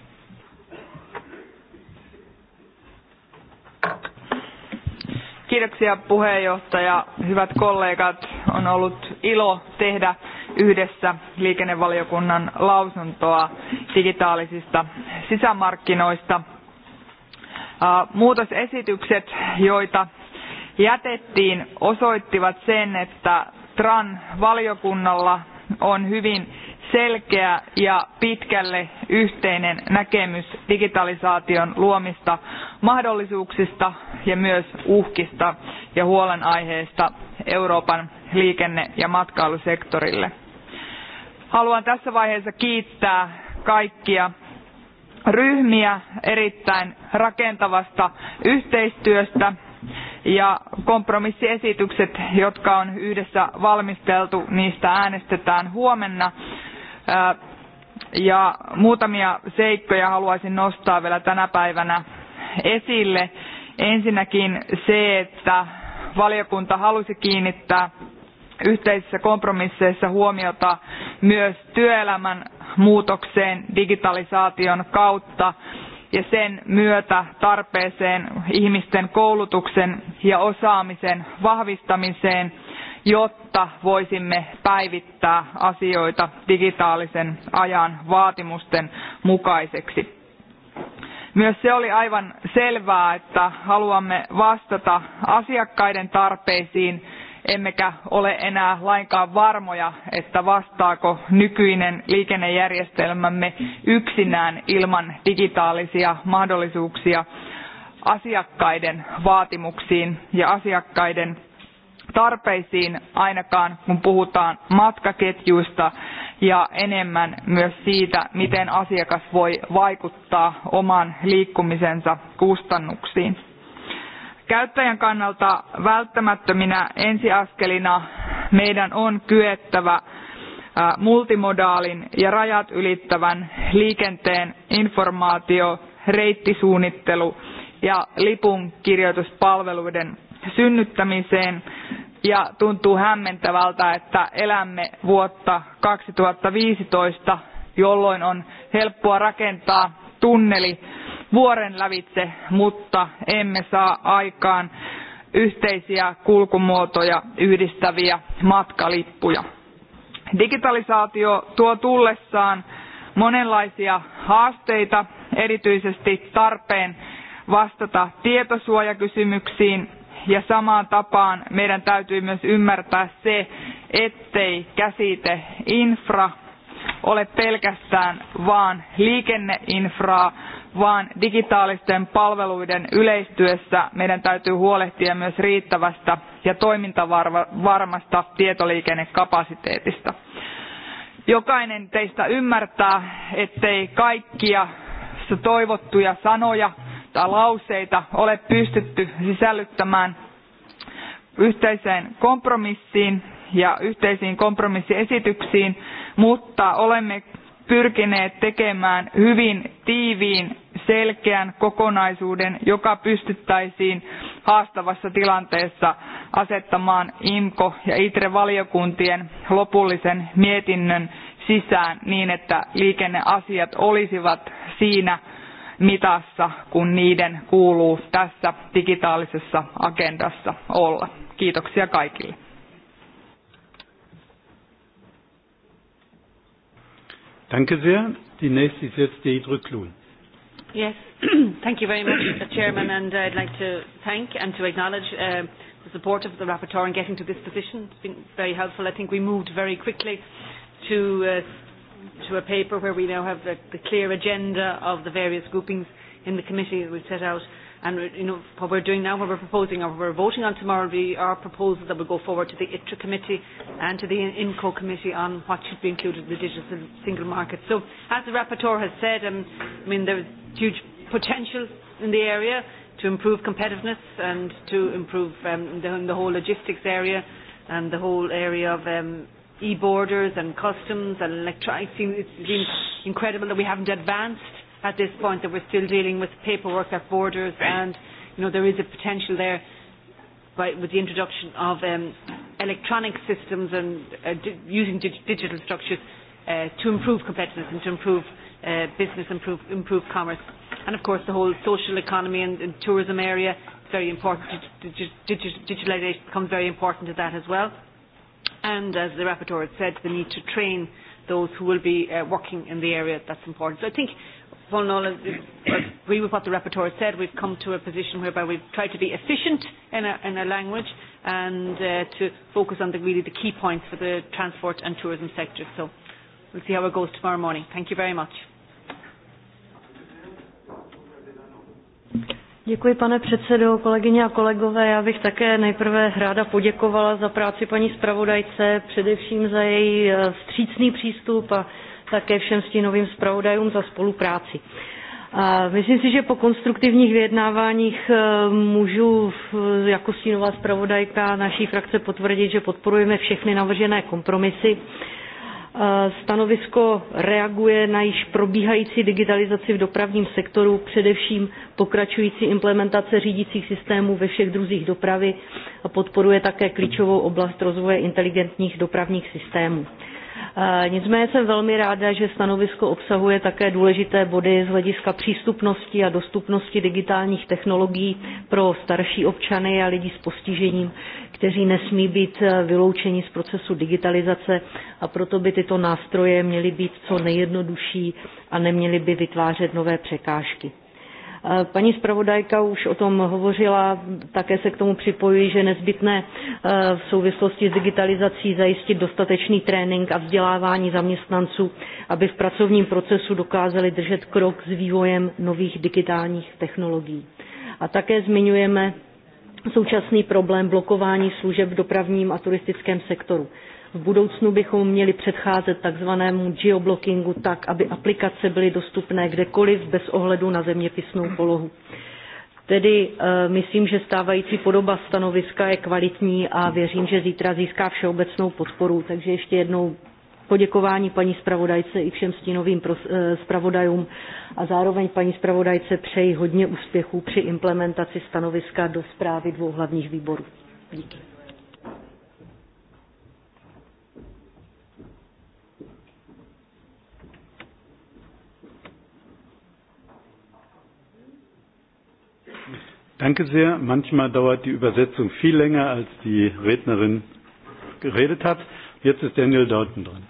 Kiitoksia puheenjohtaja, hyvät kollegat. On ollut ilo tehdä yhdessä liikennevaliokunnan lausuntoa digitaalisista sisämarkkinoista – muutosesitykset joita jätettiin osoittivat sen että tran valiokunnalla on hyvin selkeä ja pitkälle yhteinen näkemys digitalisaation luomista mahdollisuuksista ja myös uhkista ja huolenaiheista Euroopan liikenne- ja matkailusektorille. Haluan tässä vaiheessa kiittää kaikkia ryhmiä erittäin rakentavasta yhteistyöstä ja kompromissiesitykset, jotka on yhdessä valmisteltu, niistä äänestetään huomenna. Ja muutamia seikkoja haluaisin nostaa vielä tänä päivänä esille. Ensinnäkin se, että valiokunta halusi kiinnittää yhteisissä kompromisseissa huomiota myös työelämän muutokseen digitalisaation kautta ja sen myötä tarpeeseen ihmisten koulutuksen ja osaamisen vahvistamiseen, jotta voisimme päivittää asioita digitaalisen ajan vaatimusten mukaiseksi. Myös se oli aivan selvää, että haluamme vastata asiakkaiden tarpeisiin emmekä ole enää lainkaan varmoja, että vastaako nykyinen liikennejärjestelmämme yksinään ilman digitaalisia mahdollisuuksia asiakkaiden vaatimuksiin ja asiakkaiden tarpeisiin ainakaan kun puhutaan matkaketjuista ja enemmän myös siitä, miten asiakas voi vaikuttaa oman liikkumisensa kustannuksiin. Käyttäjän kannalta välttämättöminä ensiaskelina meidän on kyettävä multimodaalin ja rajat ylittävän liikenteen informaatio, reittisuunnittelu ja lipun kirjoituspalveluiden synnyttämiseen ja tuntuu hämmentävältä, että elämme vuotta 2015, jolloin on helppoa rakentaa tunneli vuoren lävitse, mutta emme saa aikaan yhteisiä kulkumuotoja yhdistäviä matkalippuja. Digitalisaatio tuo tullessaan monenlaisia haasteita, erityisesti tarpeen vastata tietosuojakysymyksiin ja samaan tapaan meidän täytyy myös ymmärtää se, ettei käsite infra ole pelkästään vaan liikenneinfraa, vaan digitaalisten palveluiden yleistyessä meidän täytyy huolehtia myös riittävästä ja toimintavarmasta tietoliikennekapasiteetista. Jokainen teistä ymmärtää, ettei kaikkia toivottuja sanoja tai lauseita ole pystytty sisällyttämään yhteiseen kompromissiin ja yhteisiin kompromissiesityksiin, mutta olemme pyrkineet tekemään hyvin tiiviin, selkeän kokonaisuuden, joka pystyttäisiin haastavassa tilanteessa asettamaan IMKO ja ITRE-valiokuntien lopullisen mietinnön sisään niin, että liikenneasiat olisivat siinä mitassa, kun niiden kuuluu tässä digitaalisessa agendassa olla. Kiitoksia kaikille. Danke sehr. Die nächste ist jetzt Deidre Klun. Yes, thank you very much, Mr. Chairman, and I'd like to thank and to acknowledge uh, the support of the rapporteur in getting to this position. It's been very helpful. I think we moved very quickly to uh, to a paper where we now have the, the clear agenda of the various groupings in the committee that we've set out And you know, what we're doing now, what we're proposing, or what we're voting on tomorrow, we are proposals that will go forward to the ITRA committee and to the INCO committee on what should be included in the digital single market. So, as the rapporteur has said, um, I mean, there is huge potential in the area to improve competitiveness and to improve um, the, the whole logistics area and the whole area of um, e-borders and customs and electronic. It seems incredible that we haven't advanced at this point that we're still dealing with paperwork at borders and you know there is a potential there by, with the introduction of um, electronic systems and uh, di- using dig- digital structures uh, to improve competitiveness and to improve uh, business, improve, improve commerce. And of course the whole social economy and, and tourism area is very important. Dig- dig- dig- digitalisation becomes very important to that as well. And as the rapporteur had said, the need to train those who will be uh, working in the area, that's important. So I think full knowledge, agree with what the rapporteur said. We've come to a position whereby we've tried to be efficient in our, in our language and uh, to focus on the, really the key points for the transport and tourism sector. So we'll see how it goes tomorrow morning. Thank you very much. Děkuji, pane předsedo, kolegyně a kolegové. Já bych také nejprve ráda poděkovala za práci paní zpravodajce, především za její střícný přístup a také všem stínovým zpravodajům za spolupráci. Myslím si, že po konstruktivních vyjednáváních můžu jako stínová zpravodajka naší frakce potvrdit, že podporujeme všechny navržené kompromisy. Stanovisko reaguje na již probíhající digitalizaci v dopravním sektoru, především pokračující implementace řídících systémů ve všech druzích dopravy a podporuje také klíčovou oblast rozvoje inteligentních dopravních systémů. Nicméně jsem velmi ráda, že stanovisko obsahuje také důležité body z hlediska přístupnosti a dostupnosti digitálních technologií pro starší občany a lidi s postižením, kteří nesmí být vyloučeni z procesu digitalizace a proto by tyto nástroje měly být co nejjednodušší a neměly by vytvářet nové překážky. Paní zpravodajka už o tom hovořila, také se k tomu připojí, že nezbytné v souvislosti s digitalizací zajistit dostatečný trénink a vzdělávání zaměstnanců, aby v pracovním procesu dokázali držet krok s vývojem nových digitálních technologií. A také zmiňujeme současný problém blokování služeb v dopravním a turistickém sektoru V budoucnu bychom měli předcházet takzvanému geoblockingu tak, aby aplikace byly dostupné kdekoliv bez ohledu na zeměpisnou polohu. Tedy e, myslím, že stávající podoba stanoviska je kvalitní a věřím, že zítra získá všeobecnou podporu. Takže ještě jednou poděkování paní zpravodajce i všem stínovým zpravodajům a zároveň paní zpravodajce přeji hodně úspěchů při implementaci stanoviska do zprávy dvou hlavních výborů. Díky. Danke sehr. Manchmal dauert die Übersetzung viel länger, als die Rednerin geredet hat. Jetzt ist Daniel Dalton dran.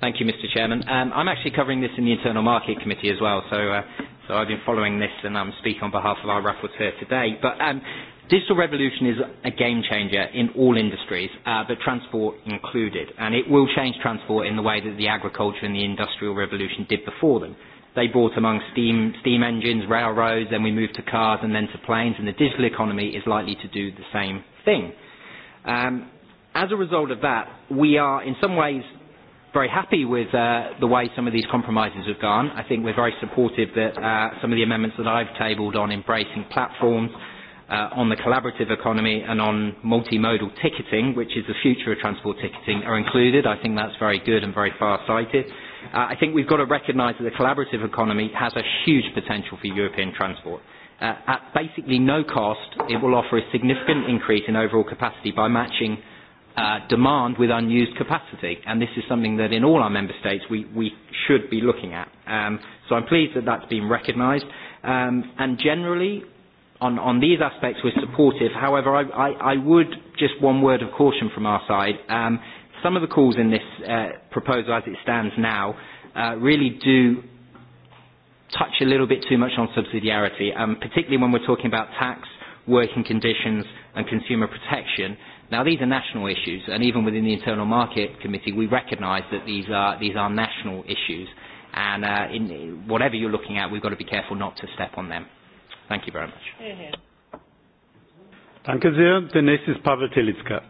Thank you, Mr. Chairman. Um, I'm actually covering this in the Internal Market Committee as well, so, uh, so I've been following this and I'm um, speaking on behalf of our rapporteur today. But um, digital revolution is a game changer in all industries, uh, but transport included, and it will change transport in the way that the agriculture and the industrial revolution did before them They brought among steam, steam engines, railroads, then we moved to cars and then to planes, and the digital economy is likely to do the same thing. Um, as a result of that, we are in some ways very happy with uh, the way some of these compromises have gone. I think we're very supportive that uh, some of the amendments that I've tabled on embracing platforms, uh, on the collaborative economy and on multimodal ticketing, which is the future of transport ticketing, are included. I think that's very good and very far-sighted. Uh, I think we've got to recognise that the collaborative economy has a huge potential for European transport. Uh, at basically no cost, it will offer a significant increase in overall capacity by matching uh, demand with unused capacity. And this is something that in all our member states we, we should be looking at. Um, so I'm pleased that that's been recognised. Um, and generally, on, on these aspects, we're supportive. However, I, I, I would just one word of caution from our side. Um, some of the calls in this uh, proposal as it stands now uh, really do touch a little bit too much on subsidiarity, um, particularly when we're talking about tax, working conditions and consumer protection. Now these are national issues and even within the Internal Market Committee we recognise that these are, these are national issues and uh, in, whatever you're looking at we've got to be careful not to step on them. Thank you very much. Thank you. The next is Pavel Telitska.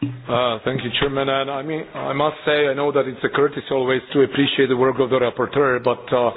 Uh, thank you, Chairman. And I mean, I must say, I know that it's a courtesy always to appreciate the work of the rapporteur, but uh,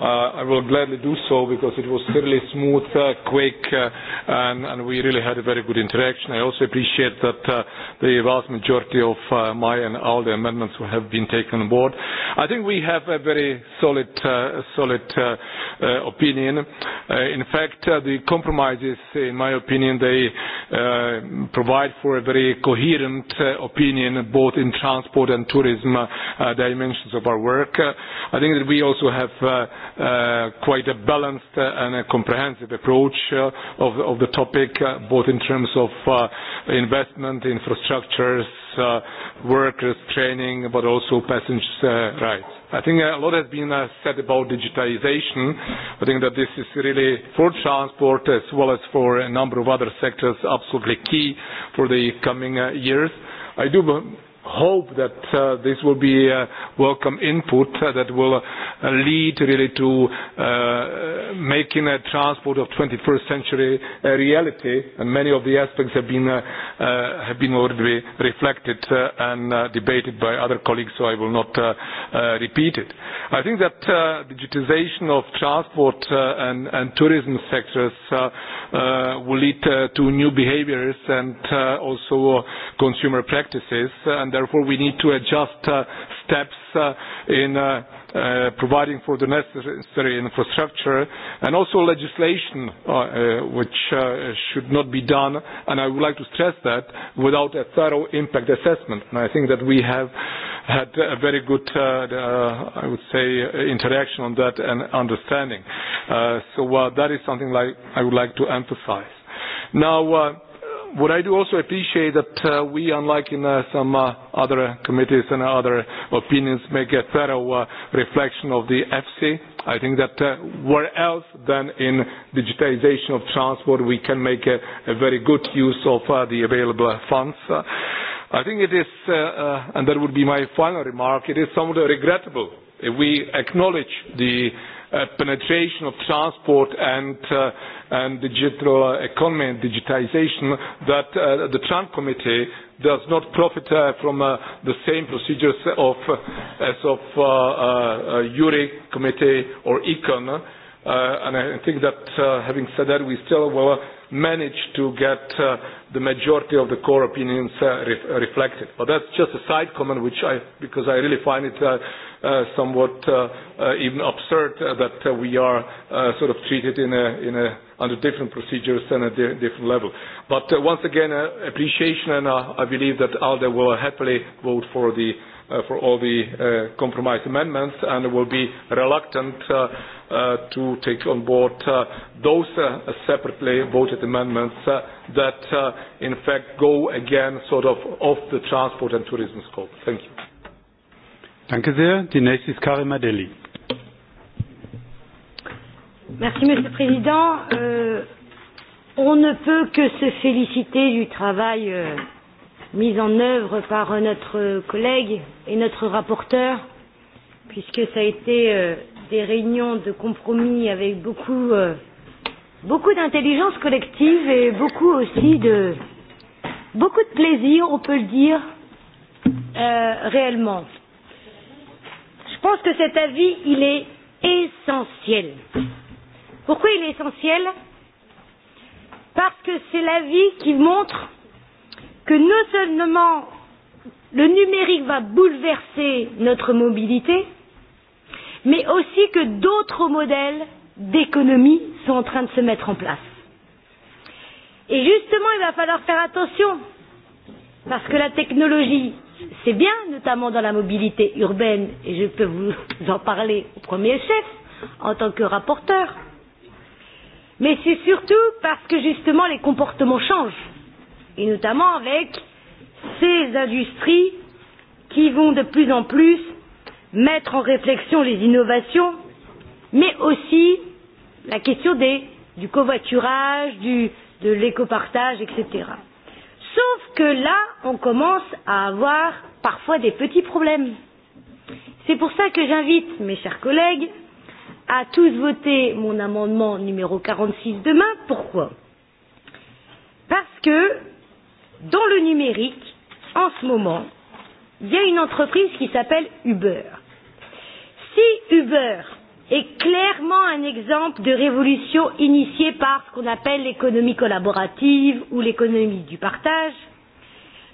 uh, I will gladly do so because it was fairly smooth, uh, quick, uh, and, and we really had a very good interaction. I also appreciate that uh, the vast majority of uh, my and all the amendments have been taken on board. I think we have a very solid, uh, solid uh, uh, opinion. Uh, in fact, uh, the compromises, in my opinion, they uh, provide for a very coherent uh, opinion both in transport and tourism uh, dimensions of our work. Uh, I think that we also have uh, quite a balanced and a comprehensive approach uh, of, of the topic, uh, both in terms of uh, investment, infrastructures, uh, workers, training, but also passengers' uh, rights. I think a lot has been uh, said about digitization. I think that this is really, for transport as well as for a number of other sectors, absolutely key for the coming uh, years. I do hope that uh, this will be a welcome input that will uh, lead really to uh, making a transport of 21st century a reality and many of the aspects have been uh, uh, have been already reflected uh, and uh, debated by other colleagues so I will not uh, uh, repeat it. I think that uh, digitization of transport uh, and, and tourism sectors uh, uh, will lead uh, to new behaviors and uh, also consumer practices and Therefore, we need to adjust uh, steps uh, in uh, uh, providing for the necessary infrastructure and also legislation uh, uh, which uh, should not be done, and I would like to stress that, without a thorough impact assessment. And I think that we have had a very good, uh, uh, I would say, interaction on that and understanding. Uh, so uh, that is something like I would like to emphasize. Now, uh, What I do also appreciate that uh, we, unlike in uh, some uh, other committees and other opinions, make a thorough uh, reflection of the FC. I think that uh, where else than in digitization of transport we can make a, a very good use of uh, the available funds. Uh, I think it is, uh, uh, and that would be my final remark, it is somewhat regrettable if we acknowledge the uh, penetration of transport and, uh, and digital economy and digitization that uh, the Trump Committee does not profit uh, from uh, the same procedures of, as of uh, uh, URI Committee or ECON. Uh, and I think that uh, having said that, we still will managed to get uh, the majority of the core opinions uh, re- reflected. But that's just a side comment, which I, because I really find it uh, uh, somewhat uh, uh, even absurd uh, that uh, we are uh, sort of treated in a, in a, under different procedures and a di- different level. But uh, once again, uh, appreciation, and uh, I believe that ALDE will happily vote for the uh, uh, for all the uh, compromise amendments and will be reluctant uh, uh, to take on board uh, those uh, separately voted amendments uh, that uh, in fact go again sort of off the transport and tourism scope. Thank you. Danke sehr. Die nächste ist Karim Adeli. Merci, Monsieur le Président. Euh, on ne peut que se féliciter du travail euh, mise en œuvre par notre collègue et notre rapporteur, puisque ça a été euh, des réunions de compromis avec beaucoup, euh, beaucoup d'intelligence collective et beaucoup aussi de beaucoup de plaisir, on peut le dire euh, réellement. Je pense que cet avis, il est essentiel. Pourquoi il est essentiel Parce que c'est l'avis qui montre que non seulement le numérique va bouleverser notre mobilité, mais aussi que d'autres modèles d'économie sont en train de se mettre en place. Et justement, il va falloir faire attention, parce que la technologie, c'est bien, notamment dans la mobilité urbaine, et je peux vous en parler au premier chef, en tant que rapporteur, mais c'est surtout parce que justement les comportements changent et notamment avec ces industries qui vont de plus en plus mettre en réflexion les innovations, mais aussi la question des, du covoiturage, du, de l'écopartage, etc. Sauf que là, on commence à avoir parfois des petits problèmes. C'est pour ça que j'invite mes chers collègues à tous voter mon amendement numéro 46 demain. Pourquoi Parce que dans le numérique, en ce moment, via une entreprise qui s'appelle Uber. Si Uber est clairement un exemple de révolution initiée par ce qu'on appelle l'économie collaborative ou l'économie du partage,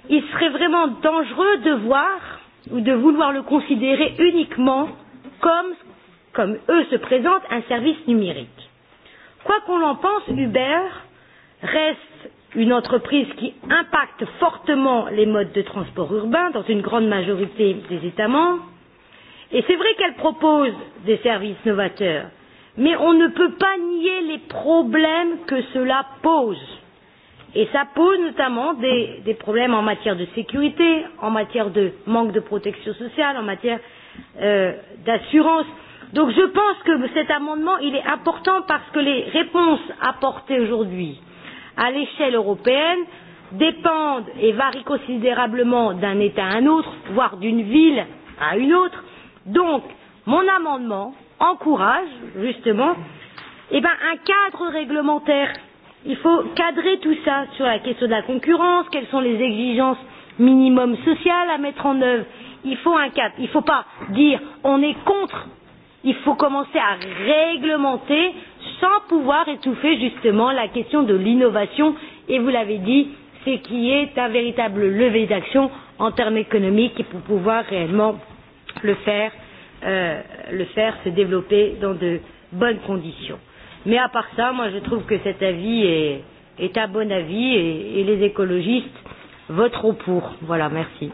il serait vraiment dangereux de voir ou de vouloir le considérer uniquement comme, comme eux se présentent, un service numérique. Quoi qu'on en pense, Uber reste une entreprise qui impacte fortement les modes de transport urbain dans une grande majorité des États membres. Et c'est vrai qu'elle propose des services novateurs, mais on ne peut pas nier les problèmes que cela pose. Et ça pose notamment des, des problèmes en matière de sécurité, en matière de manque de protection sociale, en matière euh, d'assurance. Donc je pense que cet amendement, il est important parce que les réponses apportées aujourd'hui, euh, à l'échelle européenne dépendent et varient considérablement d'un État à un autre, voire d'une ville à une autre. Donc, mon amendement encourage justement eh ben, un cadre réglementaire. Il faut cadrer tout ça sur la question de la concurrence, quelles sont les exigences minimum sociales à mettre en œuvre. Il faut un cadre, Il ne faut pas dire on est contre. Il faut commencer à réglementer sans pouvoir étouffer justement la question de l'innovation et vous l'avez dit, c'est qui est un véritable levier d'action en termes économiques et pour pouvoir réellement le faire, euh, le faire se développer dans de bonnes conditions. Mais à part ça, moi je trouve que cet avis est, est un bon avis et, et les écologistes voteront pour. Voilà, merci.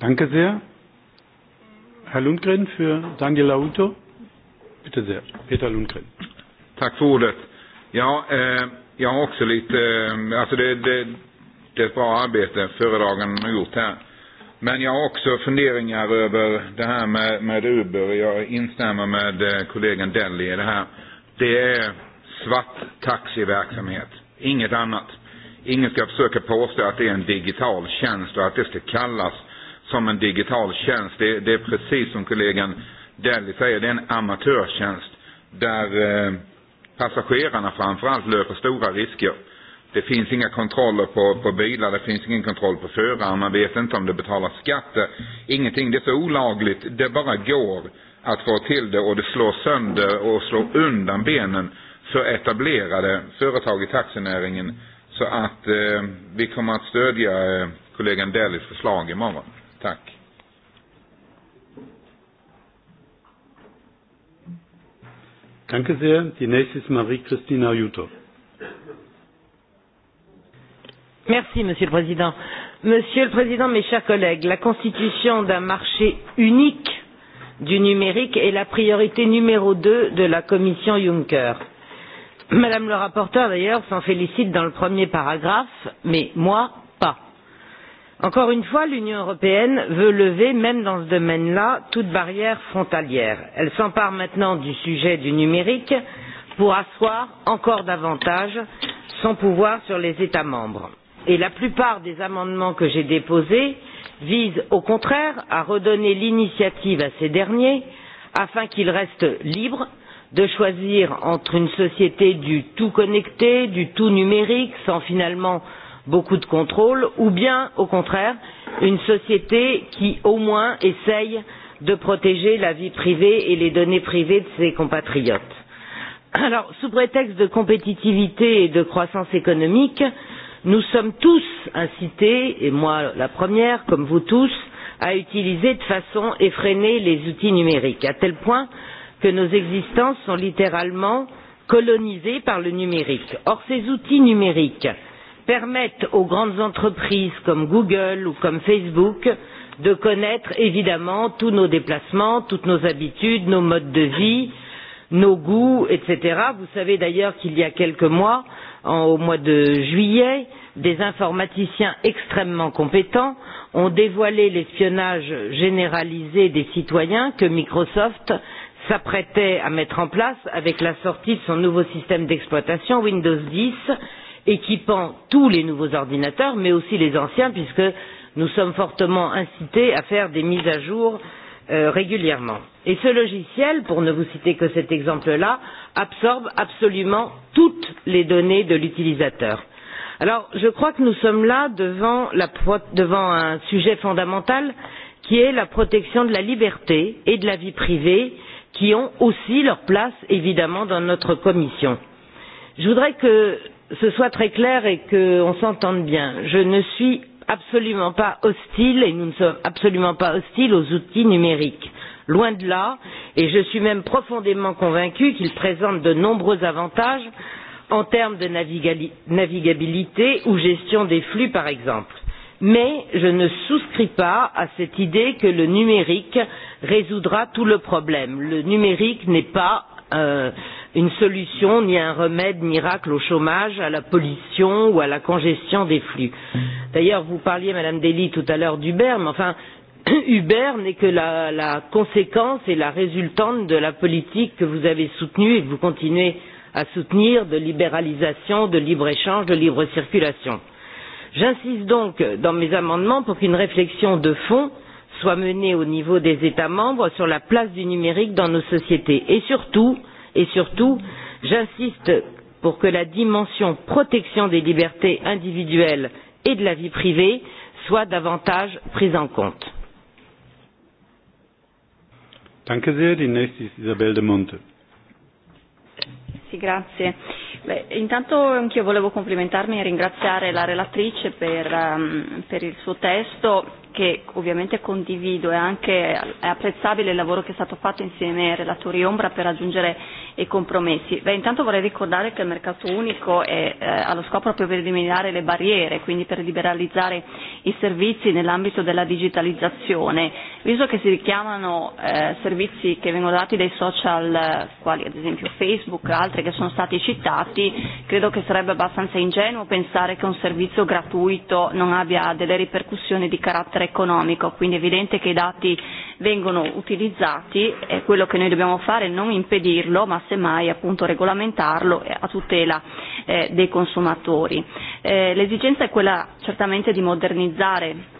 Danke sehr. Herr Lundgren für Daniel Auto. Bitte sehr, Peter Lundgren. Tack för ordet. Ja, eh, jag har också lite, eh, alltså det, det, det är ett bra arbete föredragen har gjort här. Men jag har också funderingar över det här med, med Uber. Jag instämmer med kollegan Delli i det här. Det är svart taxiverksamhet, inget annat. Ingen ska försöka påstå att det är en digital tjänst och att det ska kallas som en digital tjänst. Det, det är precis som kollegan vill säga det är en amatörtjänst där eh, passagerarna framförallt löper stora risker. Det finns inga kontroller på, på bilar, det finns ingen kontroll på förare, man vet inte om det betalar skatter. Ingenting, det är så olagligt, det bara går att få till det och det slår sönder och slår undan benen för etablerade företag i taxinäringen. Så att eh, vi kommer att stödja eh, kollegan Dellis förslag imorgon. Tack. Danke sehr. Die nächste ist Marie-Christina Jutow. Merci, Monsieur le Président. Monsieur le Président, mes chers collègues, la constitution d'un marché unique du numérique est la priorité numéro deux de la Commission Juncker. Madame le rapporteur, d'ailleurs, s'en félicite dans le premier paragraphe, mais moi, Encore une fois, l'Union européenne veut lever, même dans ce domaine là, toute barrière frontalière. Elle s'empare maintenant du sujet du numérique pour asseoir encore davantage son pouvoir sur les États membres. Et la plupart des amendements que j'ai déposés visent au contraire à redonner l'initiative à ces derniers afin qu'ils restent libres de choisir entre une société du tout connecté, du tout numérique, sans finalement beaucoup de contrôles, ou bien, au contraire, une société qui, au moins, essaye de protéger la vie privée et les données privées de ses compatriotes. Alors, sous prétexte de compétitivité et de croissance économique, nous sommes tous incités, et moi la première, comme vous tous, à utiliser de façon effrénée les outils numériques, à tel point que nos existences sont littéralement colonisées par le numérique. Or, ces outils numériques permettent aux grandes entreprises comme Google ou comme Facebook de connaître évidemment tous nos déplacements, toutes nos habitudes, nos modes de vie, nos goûts, etc. Vous savez d'ailleurs qu'il y a quelques mois, en, au mois de juillet, des informaticiens extrêmement compétents ont dévoilé l'espionnage généralisé des citoyens que Microsoft s'apprêtait à mettre en place avec la sortie de son nouveau système d'exploitation Windows 10 équipant tous les nouveaux ordinateurs, mais aussi les anciens, puisque nous sommes fortement incités à faire des mises à jour euh, régulièrement. Et ce logiciel, pour ne vous citer que cet exemple-là, absorbe absolument toutes les données de l'utilisateur. Alors, je crois que nous sommes là devant, la, devant un sujet fondamental qui est la protection de la liberté et de la vie privée, qui ont aussi leur place, évidemment, dans notre commission. Je voudrais que ce soit très clair et qu'on s'entende bien. Je ne suis absolument pas hostile et nous ne sommes absolument pas hostiles aux outils numériques. Loin de là, et je suis même profondément convaincue qu'ils présentent de nombreux avantages en termes de navigabilité ou gestion des flux, par exemple. Mais je ne souscris pas à cette idée que le numérique résoudra tout le problème. Le numérique n'est pas euh, une solution, ni un remède miracle au chômage, à la pollution ou à la congestion des flux. D'ailleurs, vous parliez, Madame Dely, tout à l'heure d'Uber, mais enfin, Uber n'est que la, la conséquence et la résultante de la politique que vous avez soutenue et que vous continuez à soutenir de libéralisation, de libre-échange, de libre circulation. J'insiste donc dans mes amendements pour qu'une réflexion de fond euh, soit menée au niveau des États membres sur la place du numérique dans nos sociétés. Et surtout, et surtout j'insiste pour que la dimension protection des libertés individuelles et de la vie privée soit davantage prise en compte. Danke sehr. Die nächste ist Isabel de Monte. Sì, grazie. Beh, intanto anch'io volevo complimentarmi e ringraziare la relatrice per, um, per il suo testo che ovviamente condivido e anche è apprezzabile il lavoro che è stato fatto insieme ai relatori Ombra per raggiungere i compromessi. Beh, intanto vorrei ricordare che il mercato unico è eh, allo scopo proprio per eliminare le barriere, quindi per liberalizzare i servizi nell'ambito della digitalizzazione. Visto che si richiamano eh, servizi che vengono dati dai social, quali ad esempio Facebook, e altri che sono stati citati, credo che sarebbe abbastanza ingenuo pensare che un servizio gratuito non abbia delle ripercussioni di carattere economico, quindi è evidente che i dati vengono utilizzati e quello che noi dobbiamo fare è non impedirlo ma semmai appunto regolamentarlo a tutela eh, dei consumatori. Eh, l'esigenza è quella certamente di modernizzare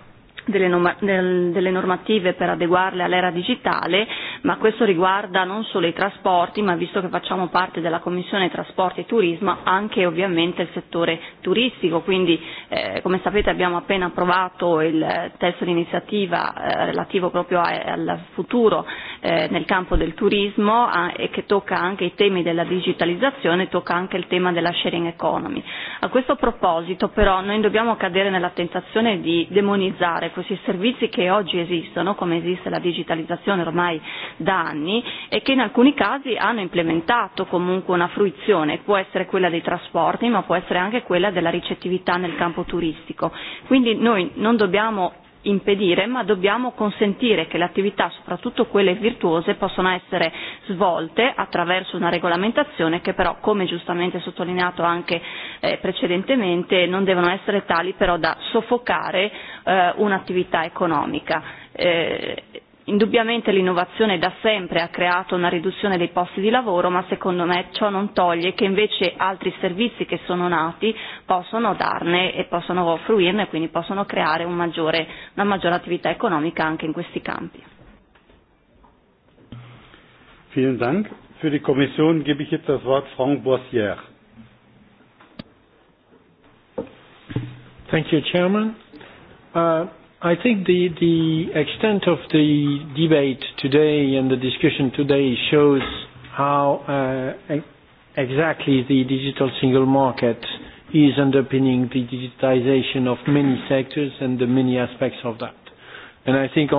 delle, delle normative per adeguarle all'era digitale, ma questo riguarda non solo i trasporti, ma visto che facciamo parte della Commissione Trasporti e Turismo, anche ovviamente il settore turistico. Quindi, eh, come sapete, abbiamo appena approvato il testo di iniziativa eh, relativo proprio a, al futuro eh, nel campo del turismo a, e che tocca anche i temi della digitalizzazione, tocca anche il tema della sharing economy. A questo proposito, però, noi dobbiamo cadere nella tentazione di demonizzare questi servizi che oggi esistono, come esiste la digitalizzazione ormai da anni e che in alcuni casi hanno implementato comunque una fruizione, può essere quella dei trasporti ma può essere anche quella della ricettività nel campo turistico. Quindi noi non dobbiamo impedire, ma dobbiamo consentire che le attività, soprattutto quelle virtuose, possano essere svolte attraverso una regolamentazione che però, come giustamente sottolineato anche eh, precedentemente, non devono essere tali però da soffocare eh, un'attività economica. Eh, Indubbiamente l'innovazione da sempre ha creato una riduzione dei posti di lavoro, ma secondo me ciò non toglie che invece altri servizi che sono nati possono darne e possono fruirne e quindi possono creare un maggiore, una maggiore attività economica anche in questi campi. Vielen Dank. Für die Kommission gebe ich jetzt das Wort Thank you, Chairman. Uh, I think the, the extent of the debate today and the discussion today shows how uh, exactly the digital single market is underpinning the digitization of many sectors and the many aspects of that. And I think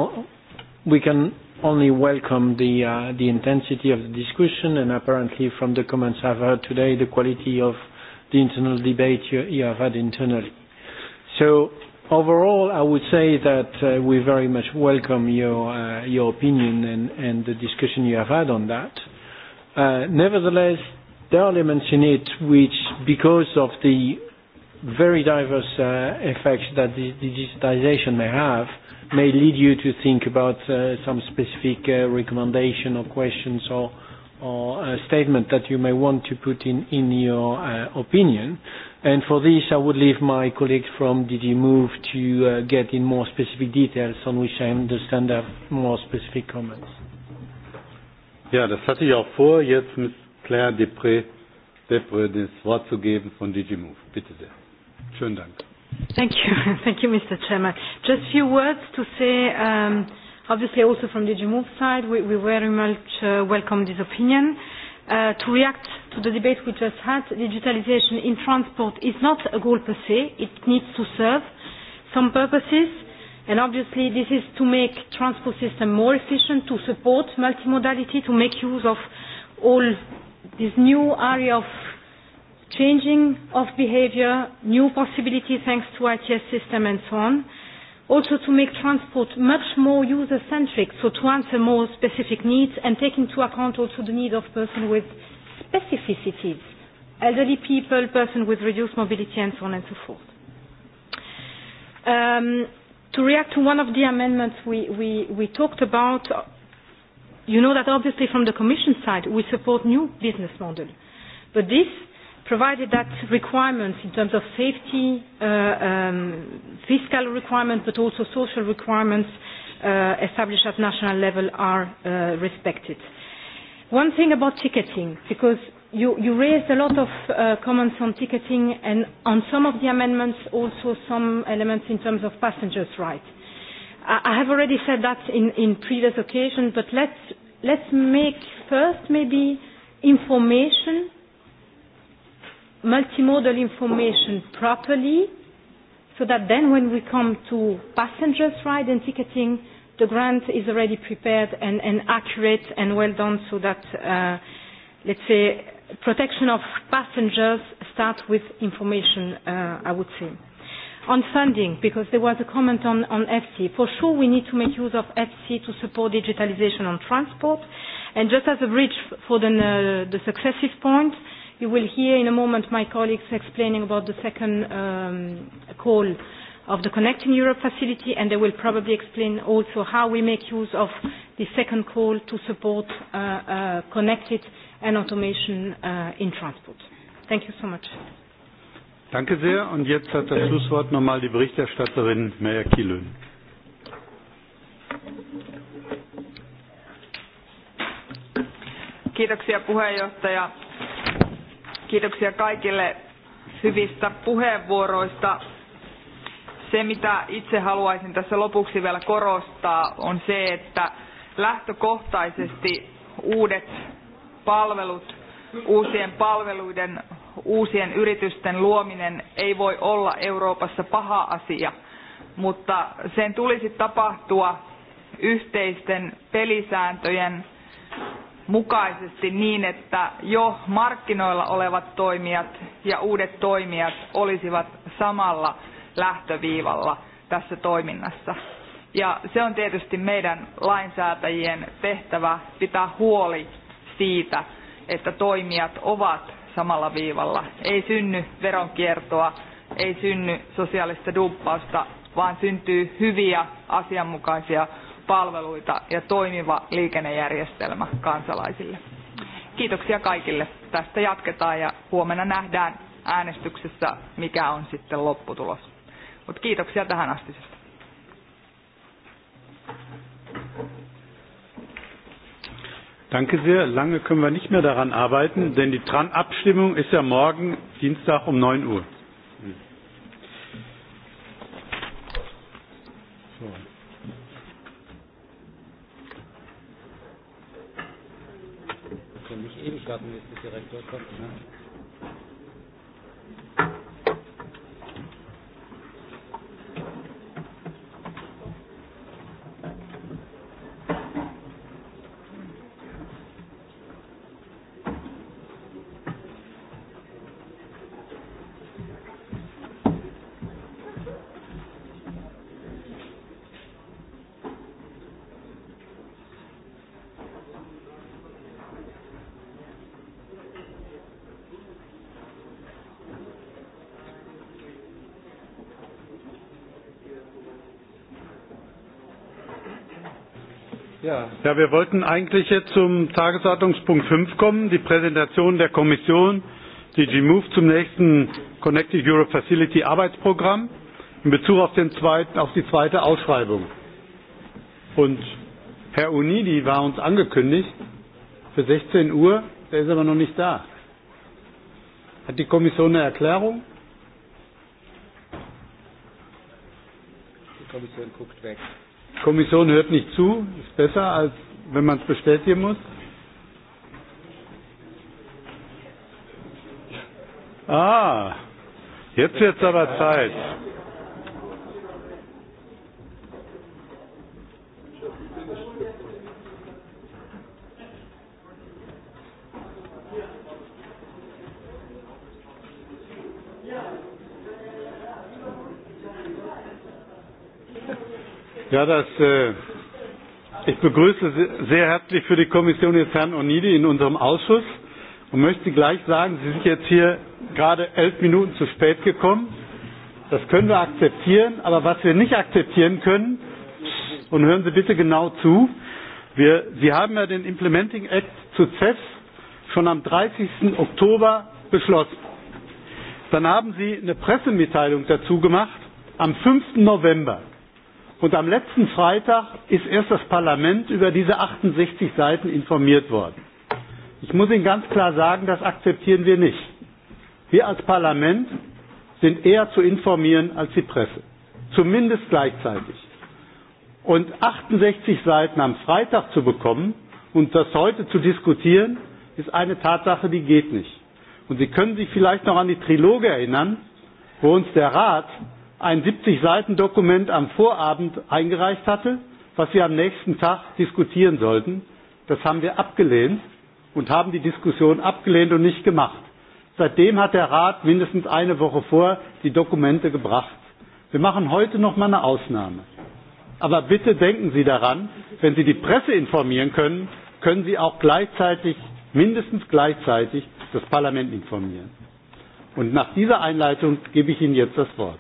we can only welcome the uh, the intensity of the discussion and apparently from the comments I've heard today, the quality of the internal debate you, you have had internally. So Overall, I would say that uh, we very much welcome your, uh, your opinion and, and the discussion you have had on that. Uh, nevertheless, there are elements in it which, because of the very diverse uh, effects that the digitization may have, may lead you to think about uh, some specific uh, recommendation or questions or or a statement that you may want to put in, in your uh, opinion. And for this, I would leave my colleague from DG Move to uh, get in more specific details on which I understand have more specific comments. Ja, das hatte ich auch vor, jetzt Ms. Claire Depré, Depré das Wort zu geben von DG Move. Bitte sehr. Schönen Dank. Thank you. Thank you, Mr. Chairman. Just a few words to say um, Obviously, also from DG Move side, we, we very much uh, welcome this opinion. Uh, to react to the debate we just had, digitalization in transport is not a goal per se. It needs to serve some purposes, and obviously this is to make transport system more efficient, to support multimodality, to make use of all this new area of changing of behavior, new possibilities thanks to ITS system and so on also to make transport much more user-centric, so to answer more specific needs and take into account also the need of persons with specificities, elderly people, persons with reduced mobility, and so on and so forth. Um, to react to one of the amendments we, we, we talked about, you know that obviously from the Commission side we support new business models. But this provided that requirements in terms of safety, uh, um, fiscal requirements, but also social requirements uh, established at national level are uh, respected. One thing about ticketing, because you, you raised a lot of uh, comments on ticketing and on some of the amendments also some elements in terms of passengers' rights. I, I have already said that in, in previous occasions, but let's, let's make first maybe information multimodal information properly so that then when we come to passengers' ride and ticketing, the grant is already prepared and, and accurate and well done so that, uh, let's say, protection of passengers starts with information, uh, I would say. On funding, because there was a comment on, on FC. For sure, we need to make use of FC to support digitalization on transport. And just as a bridge for the, uh, the successive point, You will hear in a moment my colleagues explaining about the second um, call of the Connecting Europe facility, and they will probably explain also how we make use of the second call to support uh, uh, connected and automation uh, in transport. Thank you so much. Danke sehr. Und jetzt hat das Schlusswort nochmal die Berichterstatterin Meyer Kielön. Kiitoksia puheenjohtaja. Kiitoksia kaikille hyvistä puheenvuoroista. Se, mitä itse haluaisin tässä lopuksi vielä korostaa, on se, että lähtökohtaisesti uudet palvelut, uusien palveluiden, uusien yritysten luominen ei voi olla Euroopassa paha asia, mutta sen tulisi tapahtua yhteisten pelisääntöjen mukaisesti niin, että jo markkinoilla olevat toimijat ja uudet toimijat olisivat samalla lähtöviivalla tässä toiminnassa. Ja se on tietysti meidän lainsäätäjien tehtävä pitää huoli siitä, että toimijat ovat samalla viivalla. Ei synny veronkiertoa, ei synny sosiaalista dumppausta, vaan syntyy hyviä asianmukaisia palveluita ja toimiva liikennejärjestelmä kansalaisille. Kiitoksia kaikille. Tästä jatketaan ja huomenna nähdään äänestyksessä, mikä on sitten lopputulos. Mutta kiitoksia tähän asti. Danke sehr. Lange können wir nicht mehr daran arbeiten, denn die Tran-Abstimmung ist ja morgen Dienstag um 9 Uhr. Ewigkeiten es Innenstadtministerdirektor kommt. Ne? Ja. ja, wir wollten eigentlich jetzt zum Tagesordnungspunkt 5 kommen, die Präsentation der Kommission DG Move zum nächsten Connected Europe Facility Arbeitsprogramm in Bezug auf, den zweiten, auf die zweite Ausschreibung. Und Herr Unidi war uns angekündigt für 16 Uhr, der ist aber noch nicht da. Hat die Kommission eine Erklärung? Die Kommission guckt weg. Die Kommission hört nicht zu. Ist besser, als wenn man es bestätigen muss. Ah, jetzt wird es aber Zeit. Ja, das, äh, ich begrüße sehr herzlich für die Kommission jetzt Herrn Onidi in unserem Ausschuss und möchte gleich sagen, Sie sind jetzt hier gerade elf Minuten zu spät gekommen. Das können wir akzeptieren, aber was wir nicht akzeptieren können, und hören Sie bitte genau zu, wir, Sie haben ja den Implementing Act zu CES schon am 30. Oktober beschlossen. Dann haben Sie eine Pressemitteilung dazu gemacht am 5. November. Und am letzten Freitag ist erst das Parlament über diese 68 Seiten informiert worden. Ich muss Ihnen ganz klar sagen, das akzeptieren wir nicht. Wir als Parlament sind eher zu informieren als die Presse. Zumindest gleichzeitig. Und 68 Seiten am Freitag zu bekommen und das heute zu diskutieren, ist eine Tatsache, die geht nicht. Und Sie können sich vielleicht noch an die Triloge erinnern, wo uns der Rat ein 70 Seiten Dokument am Vorabend eingereicht hatte, was wir am nächsten Tag diskutieren sollten. Das haben wir abgelehnt und haben die Diskussion abgelehnt und nicht gemacht. Seitdem hat der Rat mindestens eine Woche vor die Dokumente gebracht. Wir machen heute noch mal eine Ausnahme. Aber bitte denken Sie daran, wenn Sie die Presse informieren können, können Sie auch gleichzeitig, mindestens gleichzeitig, das Parlament informieren. Und nach dieser Einleitung gebe ich Ihnen jetzt das Wort.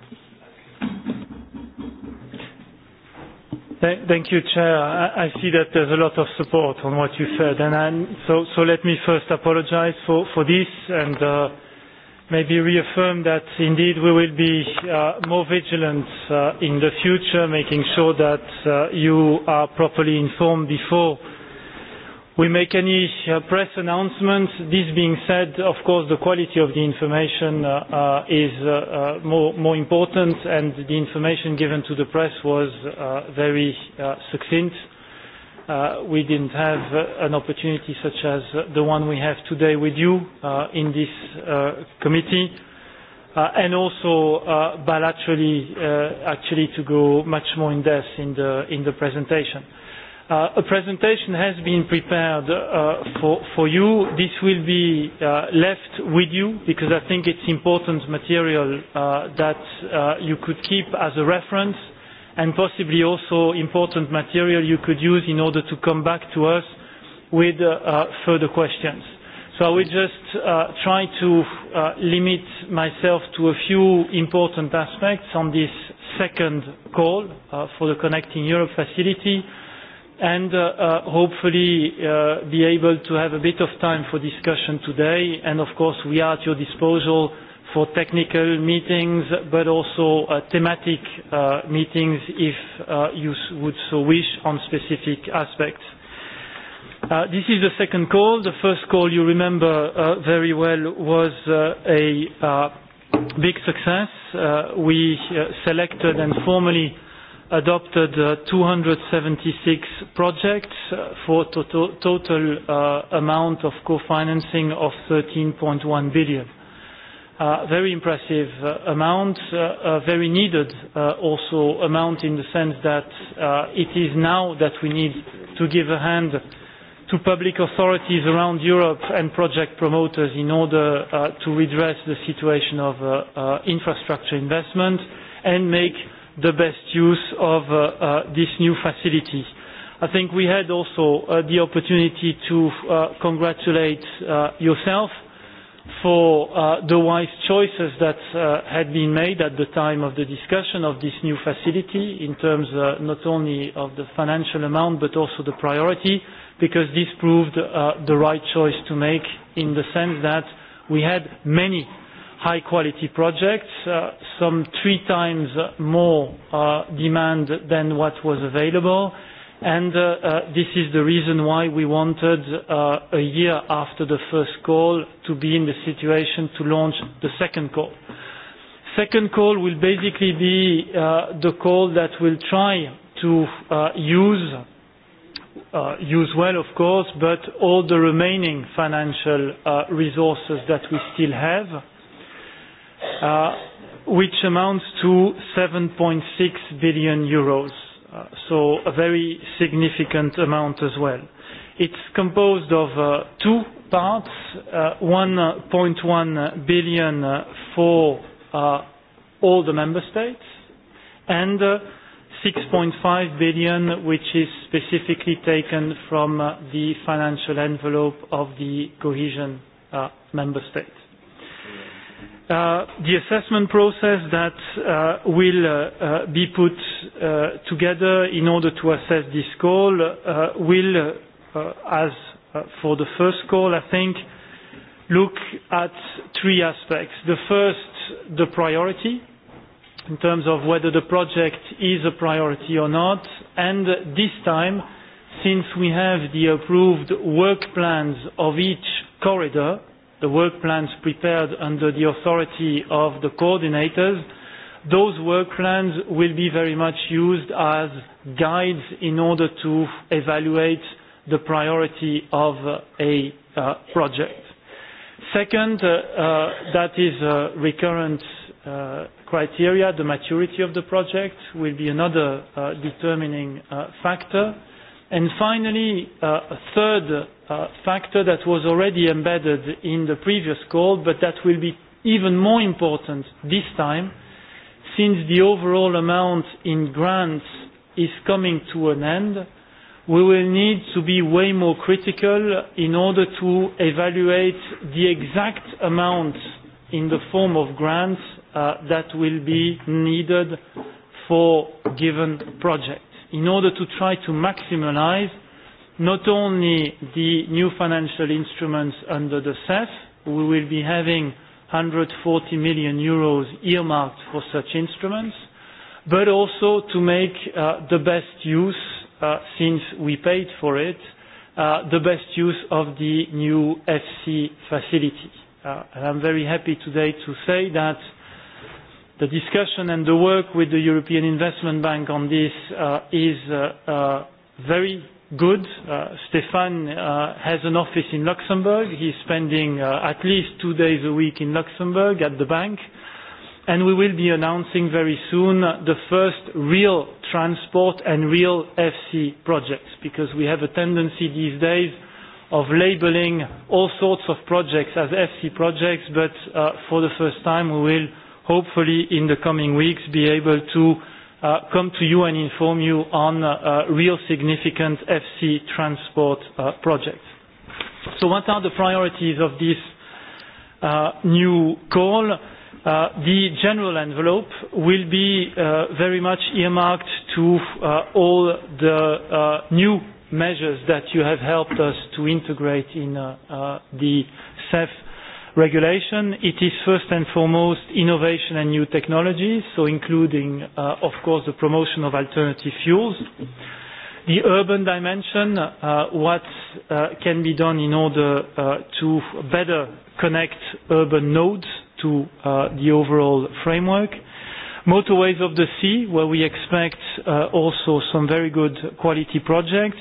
Thank you, Chair. I see that there's a lot of support on what you said. and I'm so so Let me first apologize for for this and uh maybe reaffirm that indeed we will be uh more vigilant uh in the future, making sure that uh you are properly informed before we make any uh, press announcements. This being said, of course, the quality of the information uh, uh, is uh, uh, more, more important, and the information given to the press was uh, very uh, succinct. Uh, we didn't have uh, an opportunity such as the one we have today with you uh, in this uh, committee uh, and also uh, bilaterally uh, actually to go much more in depth in the, in the presentation. Uh, a presentation has been prepared uh, for, for you. This will be uh, left with you because I think it's important material uh, that uh, you could keep as a reference and possibly also important material you could use in order to come back to us with uh, further questions. So I will just uh, try to uh, limit myself to a few important aspects on this second call uh, for the Connecting Europe facility and uh, uh, hopefully uh, be able to have a bit of time for discussion today. And of course, we are at your disposal for technical meetings, but also uh, thematic uh, meetings if uh, you would so wish on specific aspects. Uh, this is the second call. The first call, you remember uh, very well, was uh, a uh, big success. Uh, we uh, selected and formally adopted uh, 276 projects for to total uh, amount of co-financing of 13.1 billion. Uh, very impressive uh, amount, uh, uh, very needed uh, also amount in the sense that uh, it is now that we need to give a hand to public authorities around Europe and project promoters in order uh, to redress the situation of uh, uh, infrastructure investment and make the best use of uh, uh, this new facility. I think we had also uh, the opportunity to uh, congratulate uh, yourself for uh, the wise choices that uh, had been made at the time of the discussion of this new facility in terms uh, not only of the financial amount but also the priority because this proved uh, the right choice to make in the sense that we had many high quality projects, uh, some three times more uh, demand than what was available. And uh, uh, this is the reason why we wanted uh, a year after the first call to be in the situation to launch the second call. Second call will basically be uh, the call that will try to uh, use uh, use well, of course, but all the remaining financial uh, resources that we still have which amounts to 7.6 billion euros, so a very significant amount as well. It's composed of uh, two parts, uh, 1.1 billion for uh, all the member states and uh, 6.5 billion, which is specifically taken from uh, the financial envelope of the cohesion uh, member states the assessment process that uh, will uh, uh, be put uh, together in order to assess this call uh, will, uh, as uh, for the first call, I think, look at three aspects. The first, the priority, in terms of whether the project is a priority or not, and this time, since we have the approved work plans of each corridor, the work plans prepared under the authority of the coordinators, those work plans will be very much used as guides in order to evaluate the priority of a uh, project. Second, uh, uh, that is a recurrent uh, criteria, the maturity of the project will be another uh, determining uh, factor. And finally, uh, a third uh, factor that was already embedded in the previous call, but that will be even more important this time, since the overall amount in grants is coming to an end, we will need to be way more critical in order to evaluate the exact amount in the form of grants uh, that will be needed for given projects in order to try to maximize not only the new financial instruments under the CEF, we will be having 140 million euros earmarked for such instruments, but also to make uh, the best use, uh, since we paid for it, uh, the best use of the new FC facility. Uh, and I'm very happy today to say that The discussion and the work with the European Investment Bank on this uh, is uh, uh, very good. Uh, Stefan uh, has an office in Luxembourg. He's spending uh, at least two days a week in Luxembourg at the bank. And we will be announcing very soon the first real transport and real FC projects because we have a tendency these days of labeling all sorts of projects as FC projects, but uh, for the first time we will hopefully in the coming weeks be able to uh, come to you and inform you on uh, real significant FC transport uh, projects. So what are the priorities of this uh, new call? Uh, the general envelope will be uh, very much earmarked to uh, all the uh, new measures that you have helped us to integrate in uh, uh, the CEF regulation. It is first and foremost innovation and new technologies, so including, uh, of course, the promotion of alternative fuels. The urban dimension, uh, what uh, can be done in order uh, to better connect urban nodes to uh, the overall framework. Motorways of the Sea, where we expect uh, also some very good quality projects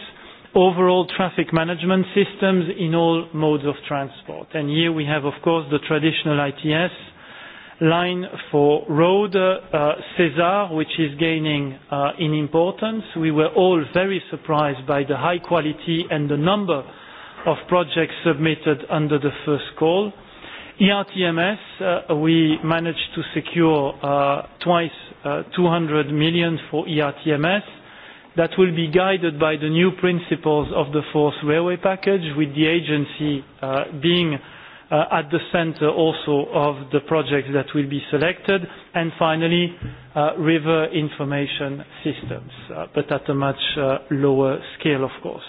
overall traffic management systems in all modes of transport. And here we have, of course, the traditional ITS line for road, uh, CESAR, which is gaining uh, in importance. We were all very surprised by the high quality and the number of projects submitted under the first call. ERTMS, uh, we managed to secure uh, twice uh, 200 million for ERTMS that will be guided by the new principles of the fourth railway package, with the agency uh, being uh, at the center also of the projects that will be selected, and finally, uh, river information systems, uh, but at a much uh, lower scale, of course.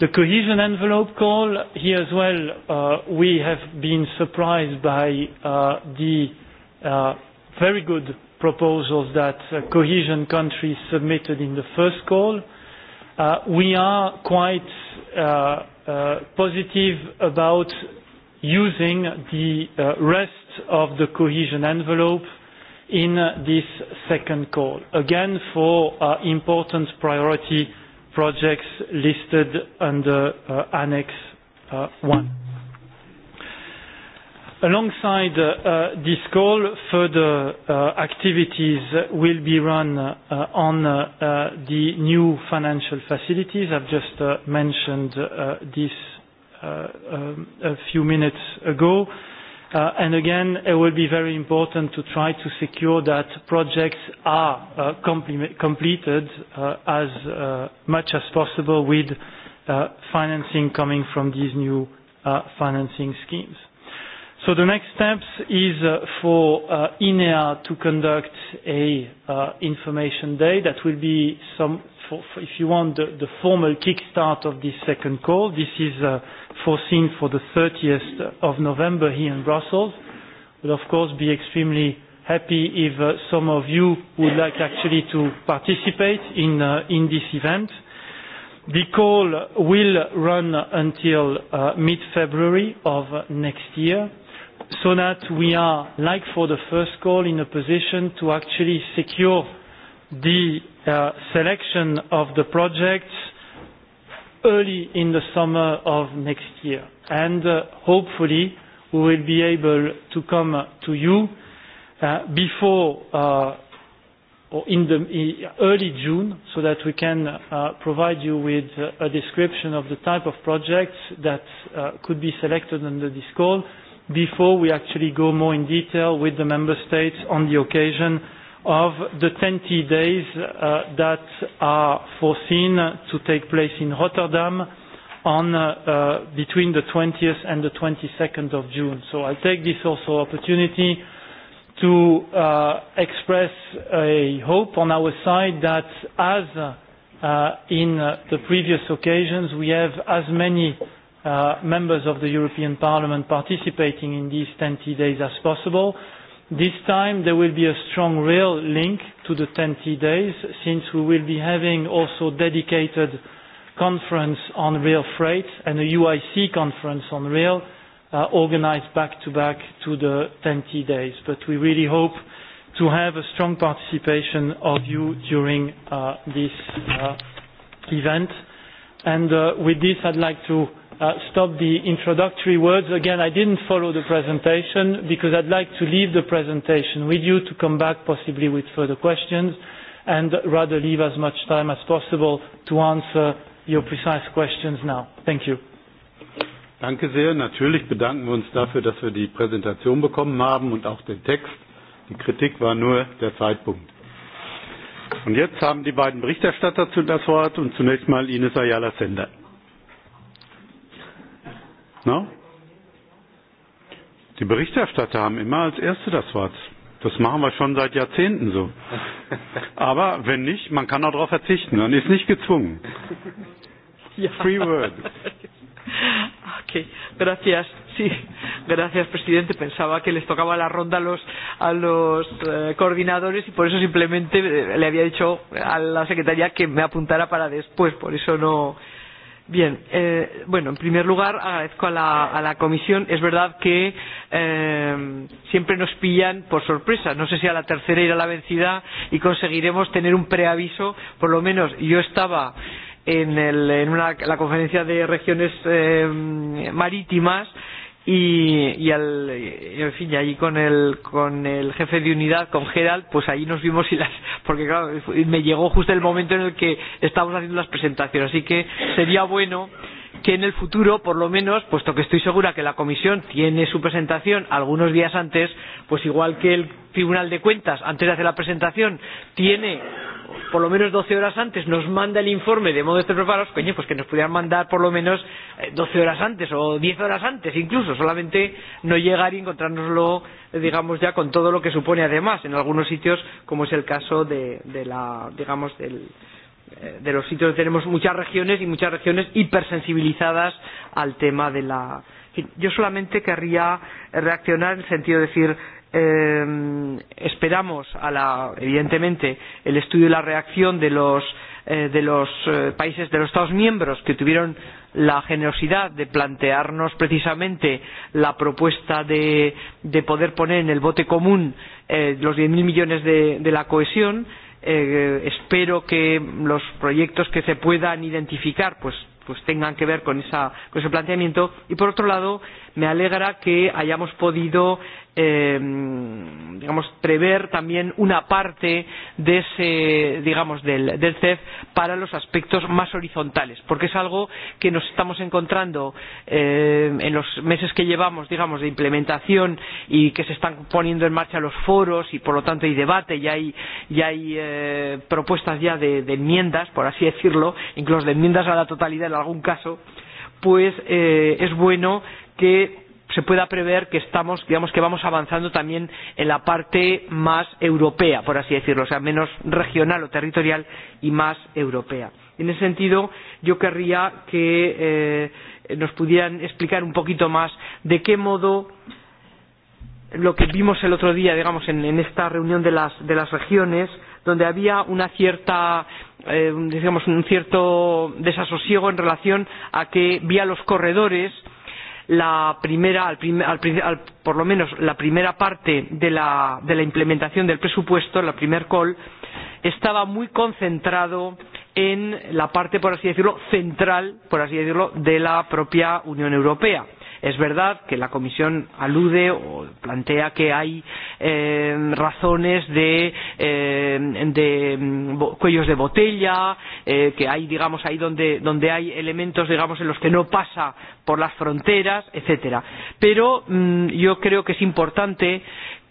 The cohesion envelope call, here as well, uh, we have been surprised by uh, the uh, very good proposals that uh, cohesion countries submitted in the first call. Uh, we are quite uh, uh, positive about using the uh, rest of the cohesion envelope in this second call, again for uh, important priority projects listed under uh, Annex uh, 1. Alongside uh, this call, further uh, activities will be run uh, on uh, the new financial facilities. I've just uh, mentioned uh, this uh, um, a few minutes ago. Uh, and again, it will be very important to try to secure that projects are uh, completed uh, as uh, much as possible with uh, financing coming from these new uh, financing schemes. So the next steps is uh, for uh, INEA to conduct a uh, information day. That will be some, for, for, if you want, the, the formal kickstart of this second call. This is uh, foreseen for the 30th of November here in Brussels. We'll of course be extremely happy if uh, some of you would like actually to participate in uh, in this event. The call will run until uh, mid-February of next year so that we are, like for the first call, in a position to actually secure the uh, selection of the projects early in the summer of next year. And uh, hopefully, we will be able to come to you uh, before uh, or in the early June so that we can uh, provide you with a description of the type of projects that uh, could be selected under this call before we actually go more in detail with the member states on the occasion of the 20 days uh, that are foreseen to take place in Rotterdam on uh, uh, between the 20th and the 22nd of June. So I take this also opportunity to uh, express a hope on our side that as uh, in uh, the previous occasions we have as many uh, uh, members of the European Parliament participating in these 10T days as possible. This time there will be a strong real link to the 10T days since we will be having also dedicated conference on rail freight and a UIC conference on rail uh, organized back to back to the 10T days. But we really hope to have a strong participation of you during uh, this uh, event. And uh, with this I'd like to uh, stop the introductory words. Again, I didn't follow the presentation because I'd like to leave the presentation with you to come back possibly with further questions and rather leave as much time as possible to answer your precise questions now. Thank you. Danke sehr. Natürlich bedanken wir uns dafür, dass wir die Präsentation bekommen haben und auch den Text. Die Kritik war nur der Zeitpunkt. Und jetzt haben die beiden Berichterstatter zu das Wort und zunächst mal Ines Ayala Sender. Na? Die Berichterstatter haben immer als Erste das Wort. Das machen wir schon seit Jahrzehnten so. Aber wenn nicht, man kann auch darauf verzichten, man ist nicht gezwungen. Ja. Free word. Okay, gracias. Sí, gracias, presidente. Pensaba que les tocaba la ronda a los, a los eh, coordinadores y por eso simplemente le había dicho a la secretaria que me apuntara para después. Por eso no, Bien, eh, bueno, en primer lugar agradezco a la, a la comisión. Es verdad que eh, siempre nos pillan por sorpresa. No sé si a la tercera irá la vencida y conseguiremos tener un preaviso. Por lo menos yo estaba en, el, en una, la conferencia de regiones eh, marítimas y, y, al, y en fin y ahí con el con el jefe de unidad con Gerald pues ahí nos vimos y las porque claro me llegó justo el momento en el que estábamos haciendo las presentaciones así que sería bueno que en el futuro, por lo menos, puesto que estoy segura que la comisión tiene su presentación algunos días antes, pues igual que el Tribunal de Cuentas, antes de hacer la presentación, tiene por lo menos doce horas antes, nos manda el informe de modo de estar preparados, coño, pues que nos pudieran mandar por lo menos doce horas antes o diez horas antes incluso, solamente no llegar y encontrárnoslo, digamos, ya con todo lo que supone además en algunos sitios, como es el caso de, de la, digamos, del de los sitios donde tenemos muchas regiones y muchas regiones hipersensibilizadas al tema de la. Yo solamente querría reaccionar en el sentido de decir eh, esperamos a la, evidentemente el estudio y la reacción de los eh, de los eh, países de los Estados miembros que tuvieron la generosidad de plantearnos precisamente la propuesta de, de poder poner en el bote común eh, los 10.000 millones de, de la cohesión eh, eh, espero que los proyectos que se puedan identificar pues pues tengan que ver con, esa, con ese planteamiento. Y por otro lado, me alegra que hayamos podido eh, digamos, prever también una parte de ese, digamos, del, del CEF para los aspectos más horizontales, porque es algo que nos estamos encontrando eh, en los meses que llevamos, digamos, de implementación y que se están poniendo en marcha los foros y por lo tanto hay debate y hay, y hay eh, propuestas ya de, de enmiendas, por así decirlo, incluso de enmiendas a la totalidad en algún caso, pues eh, es bueno que se pueda prever que estamos, digamos que vamos avanzando también en la parte más europea, por así decirlo, o sea, menos regional o territorial y más europea. En ese sentido, yo querría que eh, nos pudieran explicar un poquito más de qué modo lo que vimos el otro día, digamos, en, en esta reunión de las, de las regiones, donde había una cierta, eh, digamos, un cierto desasosiego en relación a que vía los corredores, la primera, al prim, al, al, por lo menos la primera parte de la, de la implementación del presupuesto, la primer call, estaba muy concentrado en la parte, por así decirlo, central, por así decirlo, de la propia Unión Europea Es verdad que la Comisión alude o plantea que hay eh, razones de, eh, de cuellos de botella, eh, que hay, digamos, ahí donde, donde hay elementos, digamos, en los que no pasa por las fronteras, etcétera. Pero mmm, yo creo que es importante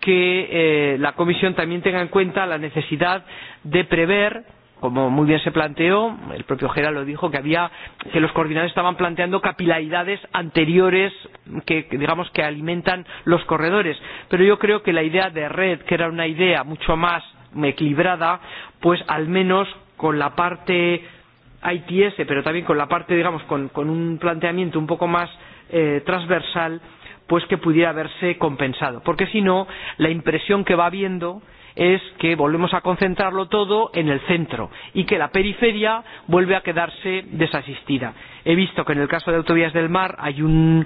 que eh, la Comisión también tenga en cuenta la necesidad de prever como muy bien se planteó, el propio Gera lo dijo, que había, que los coordinadores estaban planteando capilaridades anteriores que, digamos, que alimentan los corredores. Pero yo creo que la idea de red, que era una idea mucho más equilibrada, pues al menos con la parte ITS, pero también con la parte, digamos, con, con un planteamiento un poco más eh, transversal, pues que pudiera haberse compensado. Porque si no, la impresión que va habiendo es que volvemos a concentrarlo todo en el centro y que la periferia vuelve a quedarse desasistida. He visto que en el caso de Autovías del Mar hay un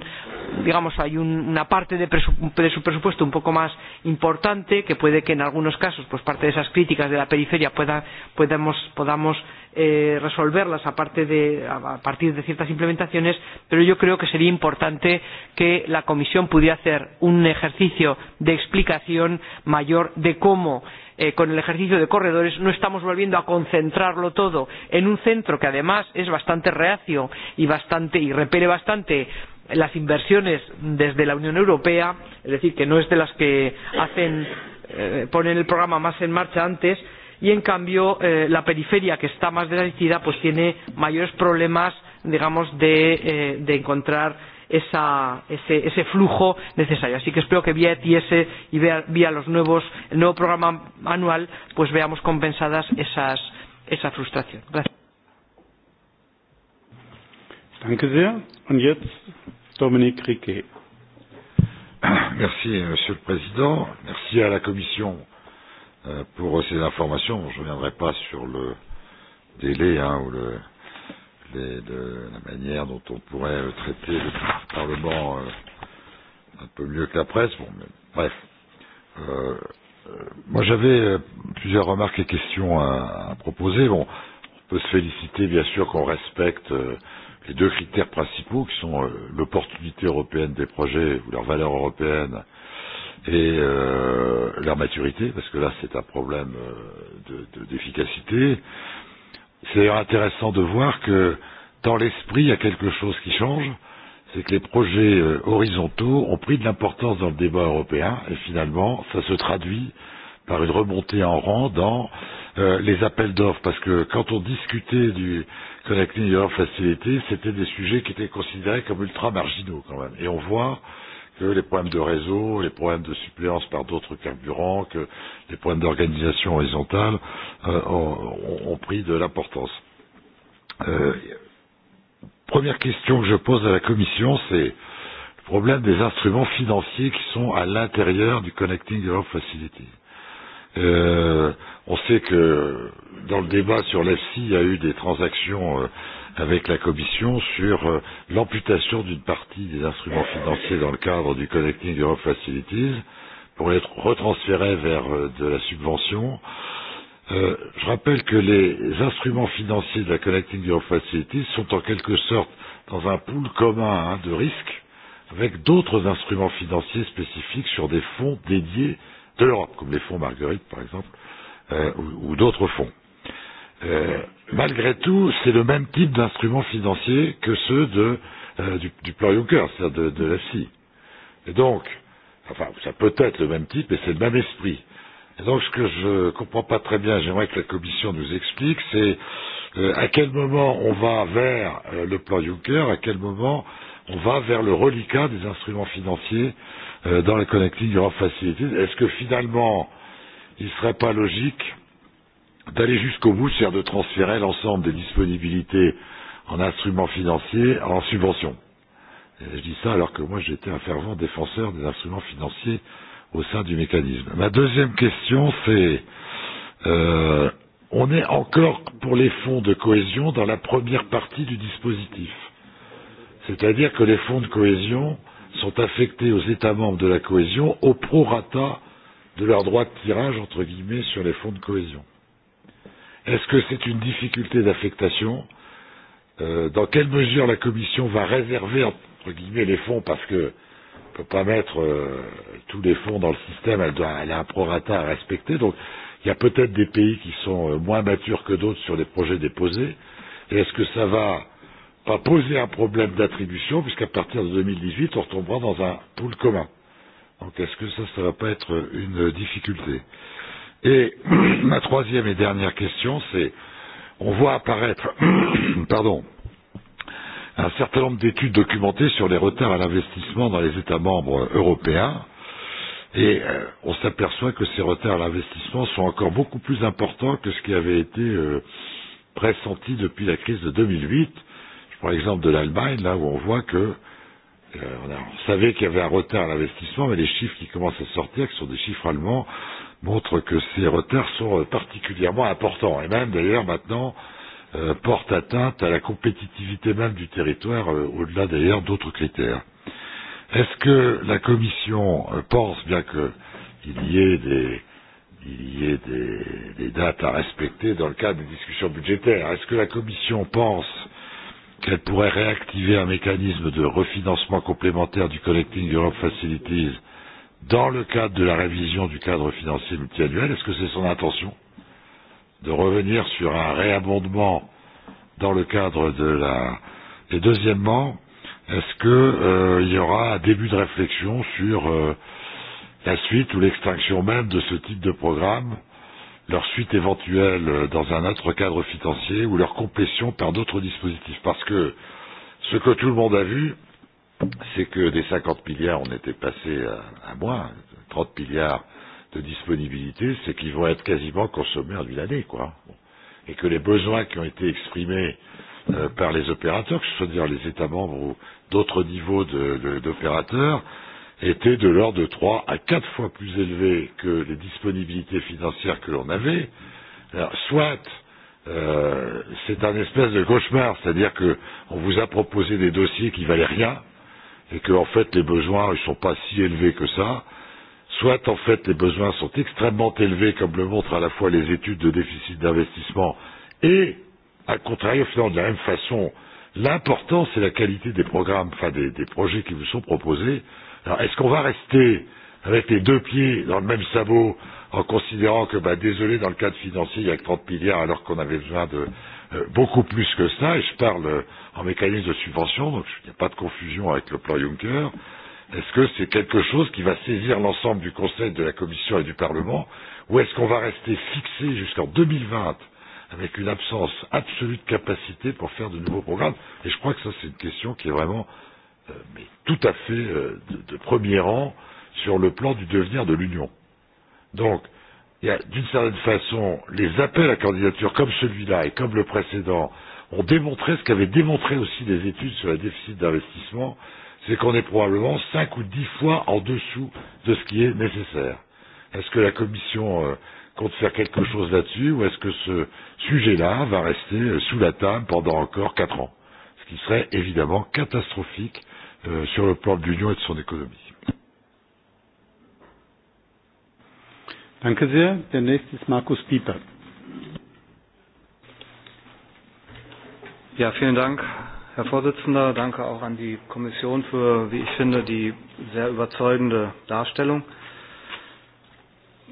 digamos hay un, una parte de, de su presupuesto un poco más importante que puede que en algunos casos pues parte de esas críticas de la periferia pueda, podamos, podamos eh, resolverlas a, parte de, a partir de ciertas implementaciones, pero yo creo que sería importante que la Comisión pudiera hacer un ejercicio de explicación mayor de cómo eh, con el ejercicio de corredores no estamos volviendo a concentrarlo todo en un centro que además es bastante reacio y, bastante, y repele bastante las inversiones desde la Unión Europea, es decir, que no es de las que hacen, eh, ponen el programa más en marcha antes, y en cambio eh, la periferia que está más desasistida pues tiene mayores problemas digamos de, eh, de encontrar esa, ese, ese flujo necesario. Así que espero que vía ETS y vía, vía los nuevos, el nuevo programa anual pues veamos compensadas esas, esa frustración. Gracias. Danke sehr. Und jetzt Dominique Riquet. Merci, Monsieur le Président. Merci à la Commission pour ces informations. Je ne reviendrai pas sur le délai hein, ou le, les, le, la manière dont on pourrait traiter le Parlement euh, un peu mieux que la presse. Bon, mais, bref. Euh, euh, moi, j'avais plusieurs remarques et questions à, à proposer. Bon, on peut se féliciter, bien sûr, qu'on respecte euh, les deux critères principaux qui sont euh, l'opportunité européenne des projets ou leur valeur européenne euh, et euh, leur maturité, parce que là c'est un problème d'efficacité. De, de, c'est intéressant de voir que dans l'esprit il y a quelque chose qui change, c'est que les projets euh, horizontaux ont pris de l'importance dans le débat européen et finalement ça se traduit par une remontée en rang dans euh, les appels d'offres, parce que quand on discutait du Connecting Europe Facility, c'était des sujets qui étaient considérés comme ultra marginaux quand même. Et on voit euh, que les problèmes de réseau, les problèmes de suppléance par d'autres carburants, que les problèmes d'organisation horizontale euh, ont, ont pris de l'importance. Euh, première question que je pose à la Commission, c'est le problème des instruments financiers qui sont à l'intérieur du Connecting Europe Facility. Euh, on sait que dans le débat sur l'EFSI, il y a eu des transactions euh, avec la Commission sur l'amputation d'une partie des instruments financiers dans le cadre du Connecting Europe Facilities pour les retransférés vers de la subvention. Euh, je rappelle que les instruments financiers de la Connecting Europe Facilities sont en quelque sorte dans un pool commun hein, de risques avec d'autres instruments financiers spécifiques sur des fonds dédiés de l'Europe, comme les fonds Marguerite par exemple, euh, ou, ou d'autres fonds malgré tout, c'est le même type d'instruments financiers que ceux de, euh, du, du plan Juncker, c'est-à-dire de, de l'EFSI. Et donc, enfin, ça peut être le même type mais c'est le même esprit. Et donc, ce que je ne comprends pas très bien, j'aimerais que la Commission nous explique, c'est euh, à quel moment on va vers euh, le plan Juncker, à quel moment on va vers le reliquat des instruments financiers euh, dans la Connecting Europe Facilities. Est-ce que finalement, il ne serait pas logique euh, d'aller jusqu'au bout, c'est-à-dire de transférer l'ensemble des disponibilités en instruments financiers en subventions. Et je dis ça alors que moi j'étais un fervent défenseur des instruments financiers au sein du mécanisme. Ma deuxième question, c'est euh, on est encore pour les fonds de cohésion dans la première partie du dispositif. C'est-à-dire que les fonds de cohésion sont affectés aux États membres de la cohésion au prorata de leur droit de tirage, entre guillemets, sur les fonds de cohésion. Est-ce que c'est une difficulté d'affectation euh, Dans quelle mesure la Commission va réserver entre guillemets les fonds parce que ne peut pas mettre euh, tous les fonds dans le système, elle, doit, elle a un prorata à respecter. Donc il y a peut-être des pays qui sont moins matures que d'autres sur les projets déposés. Et est-ce que ça va pas poser un problème d'attribution, puisqu'à partir de 2018, on retombera dans un pool commun Donc est-ce que ça, ça va pas être une difficulté euh, Et ma troisième et dernière question, c'est on voit apparaître pardon, un certain nombre d'études documentées sur les retards à l'investissement dans les États membres européens. Et on s'aperçoit que ces retards à l'investissement sont encore beaucoup plus importants que ce qui avait été pressenti depuis la crise de 2008. Je prends l'exemple de l'Allemagne, là où on voit que on savait qu'il y avait un retard à l'investissement, mais les chiffres qui commencent à sortir, qui sont des chiffres allemands, montre que ces retards sont particulièrement importants et même d'ailleurs maintenant euh, portent atteinte à la compétitivité même du territoire euh, au-delà d'ailleurs d'autres critères. Est-ce que la Commission pense, bien qu'il y ait des il y ait des, des dates à respecter dans le cadre des discussions budgétaires. Est-ce que la Commission pense qu'elle pourrait réactiver un mécanisme de refinancement complémentaire du Collecting Europe Facilities dans le cadre de la révision du cadre financier multiannuel, est-ce que c'est son intention de revenir sur un réabondement dans le cadre de la. Et deuxièmement, est-ce qu'il euh, y aura un début de réflexion sur euh, la suite ou l'extinction même de ce type de programme, leur suite éventuelle dans un autre cadre financier ou leur complétion par d'autres dispositifs Parce que ce que tout le monde a vu, c'est que des 50 milliards, on était passé à, à moins, 30 milliards de disponibilité, c'est qu'ils vont être quasiment consommés en une année, quoi. Et que les besoins qui ont été exprimés euh, par les opérateurs, que ce soit dire les États membres ou d'autres niveaux d'opérateurs, étaient de l'ordre de 3 à 4 fois plus élevés que les disponibilités financières que l'on avait. Alors, soit euh, c'est un espèce de cauchemar, c'est-à-dire qu'on vous a proposé des dossiers qui valaient rien, et que en fait les besoins ne sont pas si élevés que ça, soit en fait les besoins sont extrêmement élevés comme le montrent à la fois les études de déficit d'investissement et, à contrario, finalement, de la même façon, l'importance et la qualité des programmes, enfin des, des projets qui vous sont proposés. Alors est-ce qu'on va rester avec les deux pieds dans le même sabot en considérant que, bah, désolé, dans le cadre financier, il y a que 30 milliards alors qu'on avait besoin de beaucoup plus que cela, et je parle en mécanisme de subvention, donc il n'y a pas de confusion avec le plan Juncker. Est-ce que c'est quelque chose qui va saisir l'ensemble du Conseil, de la Commission et du Parlement, ou est-ce qu'on va rester fixé jusqu'en 2020 avec une absence absolue de capacité pour faire de nouveaux programmes Et je crois que ça, c'est une question qui est vraiment euh, mais tout à fait euh, de, de premier rang sur le plan du devenir de l'Union. Donc, euh, il y a d'une certaine façon, les appels à candidature comme celui-là et comme le précédent ont démontré ce qu'avaient démontré aussi les études sur le déficit d'investissement, c'est qu'on est probablement cinq ou dix fois en dessous de ce qui est nécessaire. Est-ce que la Commission compte faire quelque chose là-dessus ou est-ce que ce sujet-là va rester sous la table pendant encore quatre ans Ce qui serait évidemment catastrophique sur le plan de l'Union et de son économie. Danke sehr. Der nächste ist Markus Pieper. Ja, vielen Dank, Herr Vorsitzender. Danke auch an die Kommission für, wie ich finde, die sehr überzeugende Darstellung.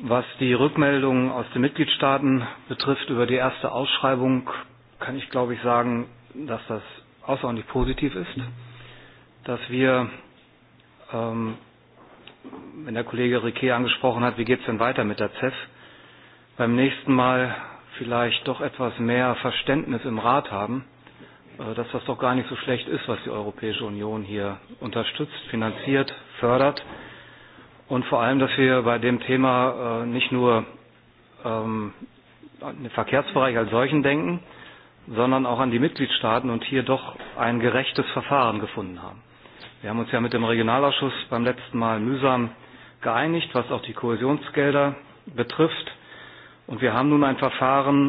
Was die Rückmeldung aus den Mitgliedstaaten betrifft über die erste Ausschreibung, kann ich, glaube ich, sagen, dass das außerordentlich positiv ist, dass wir ähm, wenn der Kollege Riquet angesprochen hat, wie geht es denn weiter mit der CEF, beim nächsten Mal vielleicht doch etwas mehr Verständnis im Rat haben, dass das doch gar nicht so schlecht ist, was die Europäische Union hier unterstützt, finanziert, fördert. Und vor allem, dass wir bei dem Thema nicht nur an den Verkehrsbereich als solchen denken, sondern auch an die Mitgliedstaaten und hier doch ein gerechtes Verfahren gefunden haben. Wir haben uns ja mit dem Regionalausschuss beim letzten Mal mühsam geeinigt, was auch die Kohäsionsgelder betrifft. Und wir haben nun ein Verfahren,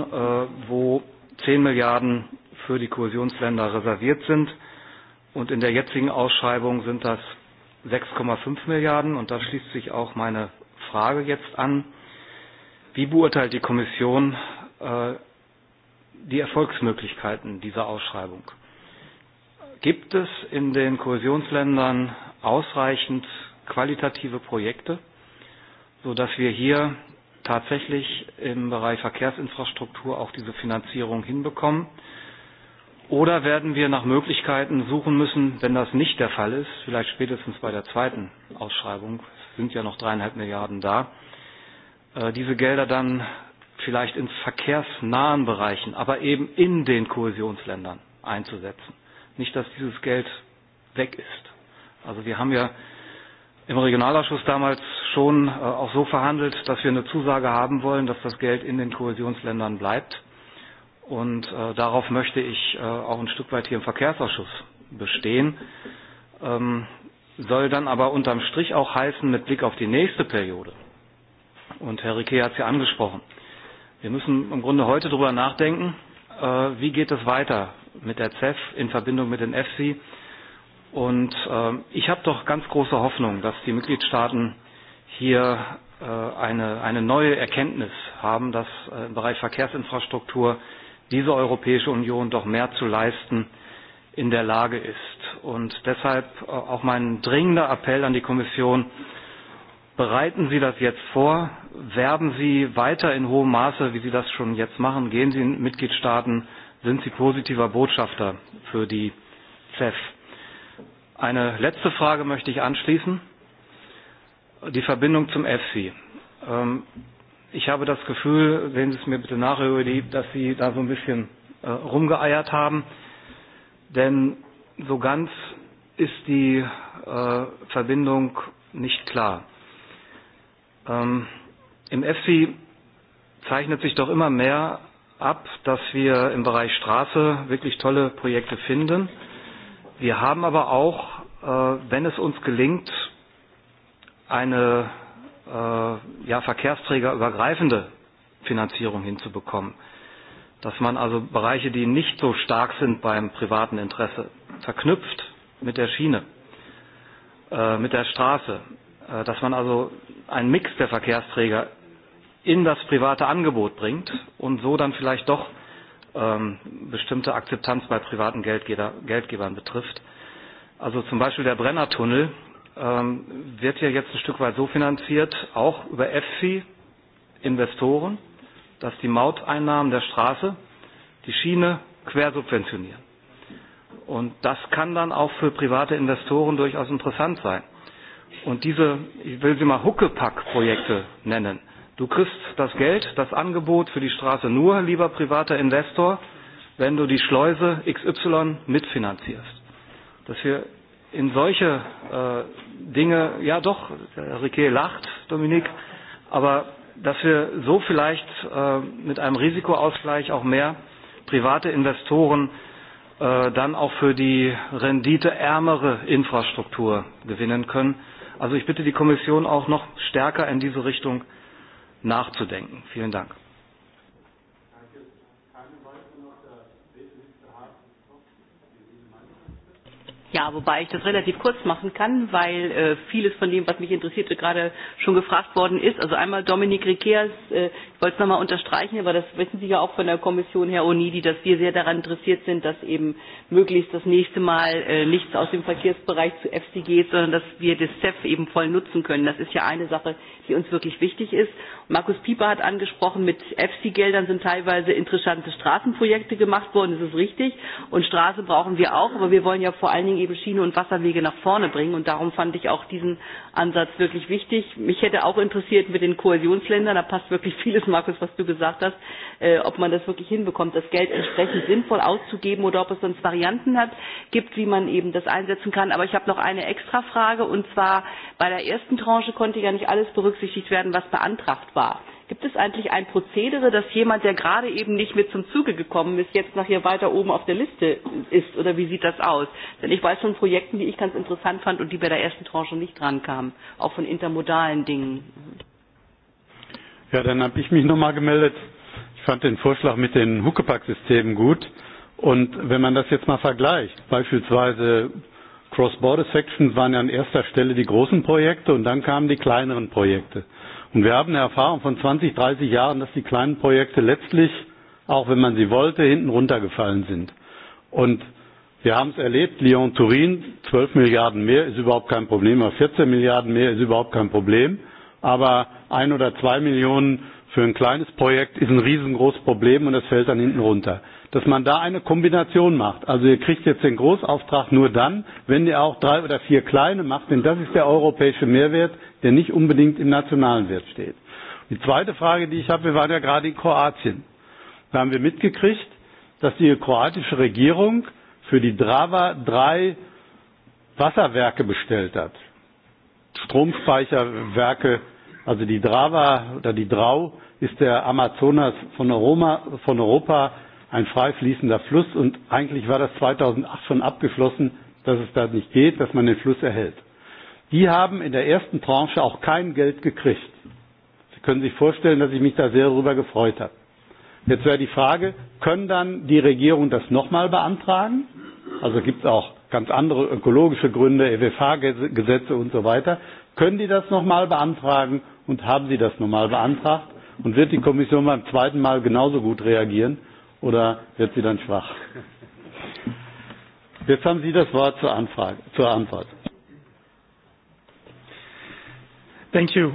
wo 10 Milliarden für die Kohäsionsländer reserviert sind. Und in der jetzigen Ausschreibung sind das 6,5 Milliarden. Und da schließt sich auch meine Frage jetzt an. Wie beurteilt die Kommission die Erfolgsmöglichkeiten dieser Ausschreibung? Gibt es in den Kohäsionsländern ausreichend qualitative Projekte, sodass wir hier tatsächlich im Bereich Verkehrsinfrastruktur auch diese Finanzierung hinbekommen? Oder werden wir nach Möglichkeiten suchen müssen, wenn das nicht der Fall ist, vielleicht spätestens bei der zweiten Ausschreibung, es sind ja noch dreieinhalb Milliarden da, diese Gelder dann vielleicht in verkehrsnahen Bereichen, aber eben in den Kohäsionsländern einzusetzen? nicht, dass dieses Geld weg ist. Also wir haben ja im Regionalausschuss damals schon auch so verhandelt, dass wir eine Zusage haben wollen, dass das Geld in den Kohäsionsländern bleibt. Und äh, darauf möchte ich äh, auch ein Stück weit hier im Verkehrsausschuss bestehen. Ähm, soll dann aber unterm Strich auch heißen, mit Blick auf die nächste Periode. Und Herr Riquet hat es ja angesprochen. Wir müssen im Grunde heute darüber nachdenken, äh, wie geht es weiter mit der CEF in Verbindung mit den EFSI. Und äh, ich habe doch ganz große Hoffnung, dass die Mitgliedstaaten hier äh, eine, eine neue Erkenntnis haben, dass äh, im Bereich Verkehrsinfrastruktur diese Europäische Union doch mehr zu leisten in der Lage ist. Und deshalb auch mein dringender Appell an die Kommission, bereiten Sie das jetzt vor, werben Sie weiter in hohem Maße, wie Sie das schon jetzt machen, gehen Sie in Mitgliedstaaten sind Sie positiver Botschafter für die CEF. Eine letzte Frage möchte ich anschließen. Die Verbindung zum EFSI. Ich habe das Gefühl, sehen Sie es mir bitte nach, dass Sie da so ein bisschen rumgeeiert haben. Denn so ganz ist die Verbindung nicht klar. Im EFSI zeichnet sich doch immer mehr ab, dass wir im Bereich Straße wirklich tolle Projekte finden. Wir haben aber auch, wenn es uns gelingt, eine ja, verkehrsträgerübergreifende Finanzierung hinzubekommen, dass man also Bereiche, die nicht so stark sind beim privaten Interesse, verknüpft mit der Schiene, mit der Straße, dass man also einen Mix der Verkehrsträger in das private Angebot bringt und so dann vielleicht doch ähm, bestimmte Akzeptanz bei privaten Geldgeber, Geldgebern betrifft. Also zum Beispiel der Brennertunnel ähm, wird ja jetzt ein Stück weit so finanziert, auch über EFSI Investoren, dass die Mauteinnahmen der Straße die Schiene quersubventionieren. Und das kann dann auch für private Investoren durchaus interessant sein. Und diese, ich will sie mal Huckepack-Projekte nennen, Du kriegst das Geld, das Angebot für die Straße nur, lieber privater Investor, wenn du die Schleuse XY mitfinanzierst. Dass wir in solche äh, Dinge, ja doch, Riquet lacht, Dominik, aber dass wir so vielleicht äh, mit einem Risikoausgleich auch mehr private Investoren äh, dann auch für die renditeärmere Infrastruktur gewinnen können. Also ich bitte die Kommission auch noch stärker in diese Richtung nachzudenken. Vielen Dank. Ja, wobei ich das relativ kurz machen kann, weil äh, vieles von dem, was mich interessierte, gerade schon gefragt worden ist. Also einmal Dominik Rikers, äh, ich wollte es nochmal unterstreichen, aber das wissen Sie ja auch von der Kommission, Herr Onidi, dass wir sehr daran interessiert sind, dass eben möglichst das nächste Mal äh, nichts aus dem Verkehrsbereich zu EFSI geht, sondern dass wir das CEF eben voll nutzen können. Das ist ja eine Sache, die uns wirklich wichtig ist. Markus Pieper hat angesprochen, mit EFSI-Geldern sind teilweise interessante Straßenprojekte gemacht worden, das ist richtig. Und Straße brauchen wir auch, aber wir wollen ja vor allen Dingen Dingen eben Schiene und Wasserwege nach vorne bringen. Und darum fand ich auch diesen Ansatz wirklich wichtig. Mich hätte auch interessiert mit den Kohäsionsländern, da passt wirklich vieles, Markus, was du gesagt hast, äh, ob man das wirklich hinbekommt, das Geld entsprechend sinnvoll auszugeben oder ob es sonst Varianten hat, gibt, wie man eben das einsetzen kann. Aber ich habe noch eine extra Frage und zwar bei der ersten Tranche konnte ja nicht alles berücksichtigt werden, was beantragt war. Gibt es eigentlich ein Prozedere, dass jemand, der gerade eben nicht mit zum Zuge gekommen ist, jetzt nachher weiter oben auf der Liste ist? Oder wie sieht das aus? Denn ich weiß von Projekten, die ich ganz interessant fand und die bei der ersten Tranche nicht drankamen. Auch von intermodalen Dingen. Ja, dann habe ich mich nochmal gemeldet. Ich fand den Vorschlag mit den Huckepack-Systemen gut. Und wenn man das jetzt mal vergleicht, beispielsweise Cross-Border Sections waren ja an erster Stelle die großen Projekte und dann kamen die kleineren Projekte. Und wir haben eine Erfahrung von 20, 30 Jahren, dass die kleinen Projekte letztlich, auch wenn man sie wollte, hinten runtergefallen sind. Und wir haben es erlebt, Lyon-Turin, 12 Milliarden mehr ist überhaupt kein Problem, oder 14 Milliarden mehr ist überhaupt kein Problem. Aber ein oder zwei Millionen für ein kleines Projekt ist ein riesengroßes Problem und das fällt dann hinten runter dass man da eine Kombination macht. Also ihr kriegt jetzt den Großauftrag nur dann, wenn ihr auch drei oder vier kleine macht, denn das ist der europäische Mehrwert, der nicht unbedingt im nationalen Wert steht. Die zweite Frage, die ich habe, wir waren ja gerade in Kroatien. Da haben wir mitgekriegt, dass die kroatische Regierung für die Drava drei Wasserwerke bestellt hat. Stromspeicherwerke, also die Drava oder die Drau ist der Amazonas von Europa, von Europa ein frei fließender Fluss und eigentlich war das 2008 schon abgeschlossen, dass es da nicht geht, dass man den Fluss erhält. Die haben in der ersten Tranche auch kein Geld gekriegt. Sie können sich vorstellen, dass ich mich da sehr darüber gefreut habe. Jetzt wäre die Frage, können dann die Regierung das nochmal beantragen? Also gibt es auch ganz andere ökologische Gründe, EWFH-Gesetze und so weiter. Können die das nochmal beantragen und haben sie das nochmal beantragt? Und wird die Kommission beim zweiten Mal genauso gut reagieren? oder wird sie dann schwach? Jetzt haben Sie das Wort zur, Anfrage, zur Antwort. Thank you.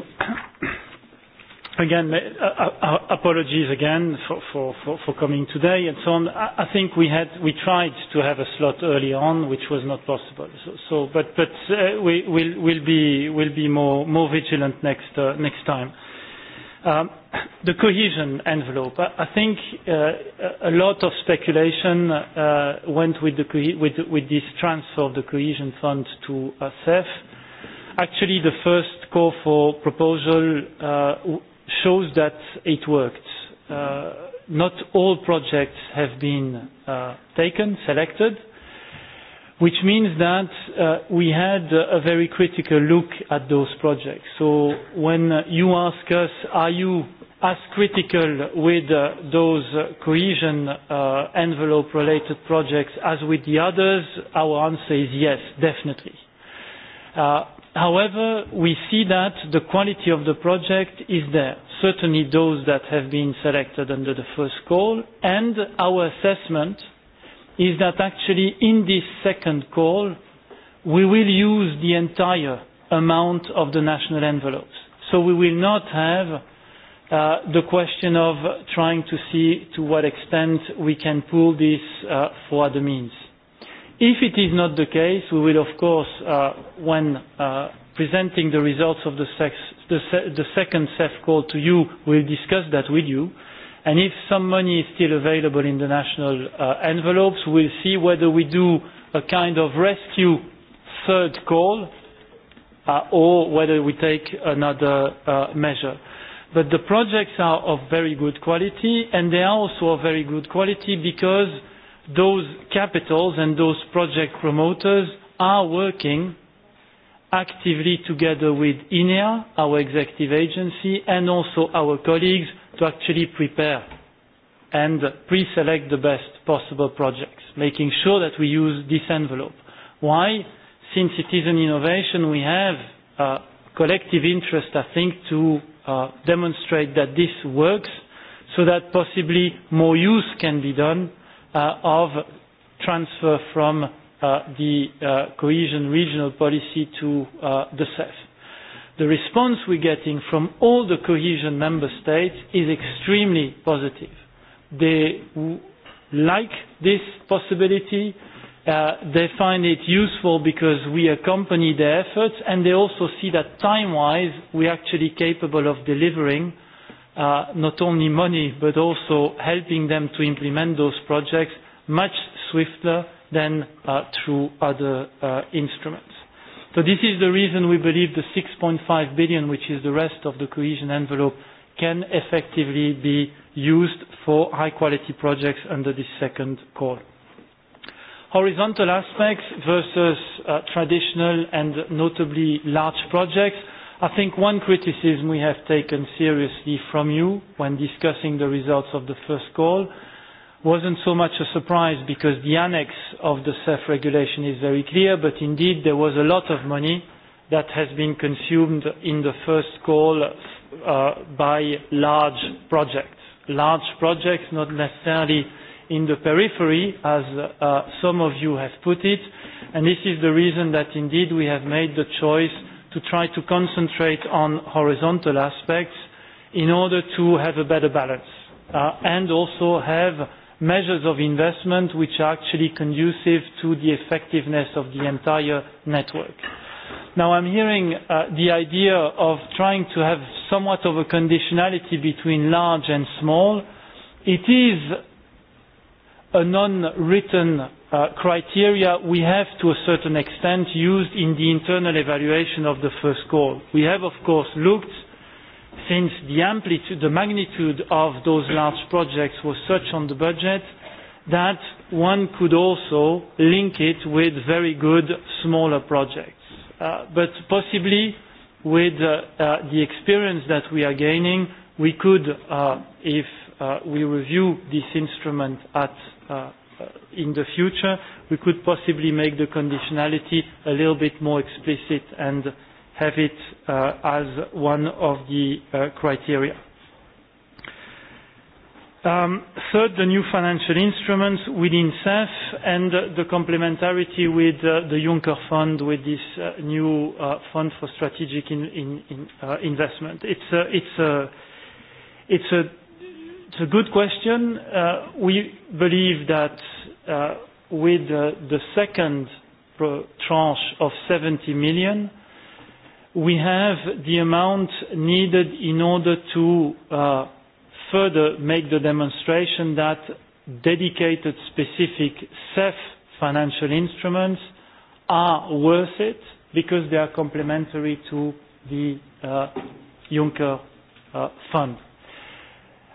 Again, apologies again for for for for coming today and so on. I think we had we tried to have a slot early on, which was not possible. So, so but but uh we We'll we'll be we'll be more more vigilant next uh next time. Um, the cohesion envelope. I, I think uh, a lot of speculation uh, went with, the co- with, with this transfer of the cohesion fund to uh, CEF. Actually, the first call for proposal uh, shows that it worked. Uh, not all projects have been uh, taken, selected which means that uh, we had a very critical look at those projects. So when you ask us, are you as critical with uh, those cohesion uh, envelope-related projects as with the others, our answer is yes, definitely. Uh, however, we see that the quality of the project is there, certainly those that have been selected under the first call, and our assessment – is that actually in this second call, we will use the entire amount of the national envelopes. So we will not have uh, the question of trying to see to what extent we can pull this uh, for other means. If it is not the case, we will, of course, uh, when uh, presenting the results of the, sex, the, se- the second CEF call to you, we'll discuss that with you And if some money is still available in the national uh, envelopes, we'll see whether we do a kind of rescue third call uh, or whether we take another uh, measure. But the projects are of very good quality and they are also of very good quality because those capitals and those project promoters are working actively together with INEA, our executive agency, and also our colleagues to actually prepare and pre-select the best possible projects, making sure that we use this envelope. Why? Since it is an innovation, we have a collective interest, I think, to uh, demonstrate that this works so that possibly more use can be done uh, of transfer from uh, the uh, cohesion regional policy to uh, the CEF the response we're getting from all the cohesion member states is extremely positive. They like this possibility. Uh, they find it useful because we accompany their efforts and they also see that time-wise we're actually capable of delivering uh, not only money but also helping them to implement those projects much swifter than uh, through other uh, instruments. So this is the reason we believe the 6.5 billion, which is the rest of the cohesion envelope, can effectively be used for high-quality projects under this second call. Horizontal aspects versus uh, traditional and notably large projects. I think one criticism we have taken seriously from you when discussing the results of the first call wasn't so much a surprise because the annex of the CEF regulation is very clear, but indeed there was a lot of money that has been consumed in the first call uh, by large projects. Large projects, not necessarily in the periphery, as uh, some of you have put it, and this is the reason that indeed we have made the choice to try to concentrate on horizontal aspects in order to have a better balance uh, and also have measures of investment which are actually conducive to the effectiveness of the entire network. Now I'm hearing uh, the idea of trying to have somewhat of a conditionality between large and small. It is a non-written uh, criteria we have to a certain extent used in the internal evaluation of the first call. We have of course looked since the amplitude, the magnitude of those large projects was such on the budget that one could also link it with very good smaller projects. Uh, but possibly with uh, uh, the experience that we are gaining, we could, uh, if uh, we review this instrument at, uh, in the future, we could possibly make the conditionality a little bit more explicit and have it uh, as one of the uh, criteria. Um, third, the new financial instruments within CEF and uh, the complementarity with uh, the Juncker Fund, with this uh, new uh, fund for strategic in, in, in, uh, investment. It's a, it's a, it's a it's a good question. Uh, we believe that uh, with uh, the second tranche of 70 million, uh, we have the amount needed in order to uh, further make the demonstration that dedicated specific CEF financial instruments are worth it because they are complementary to the uh, Juncker uh, fund.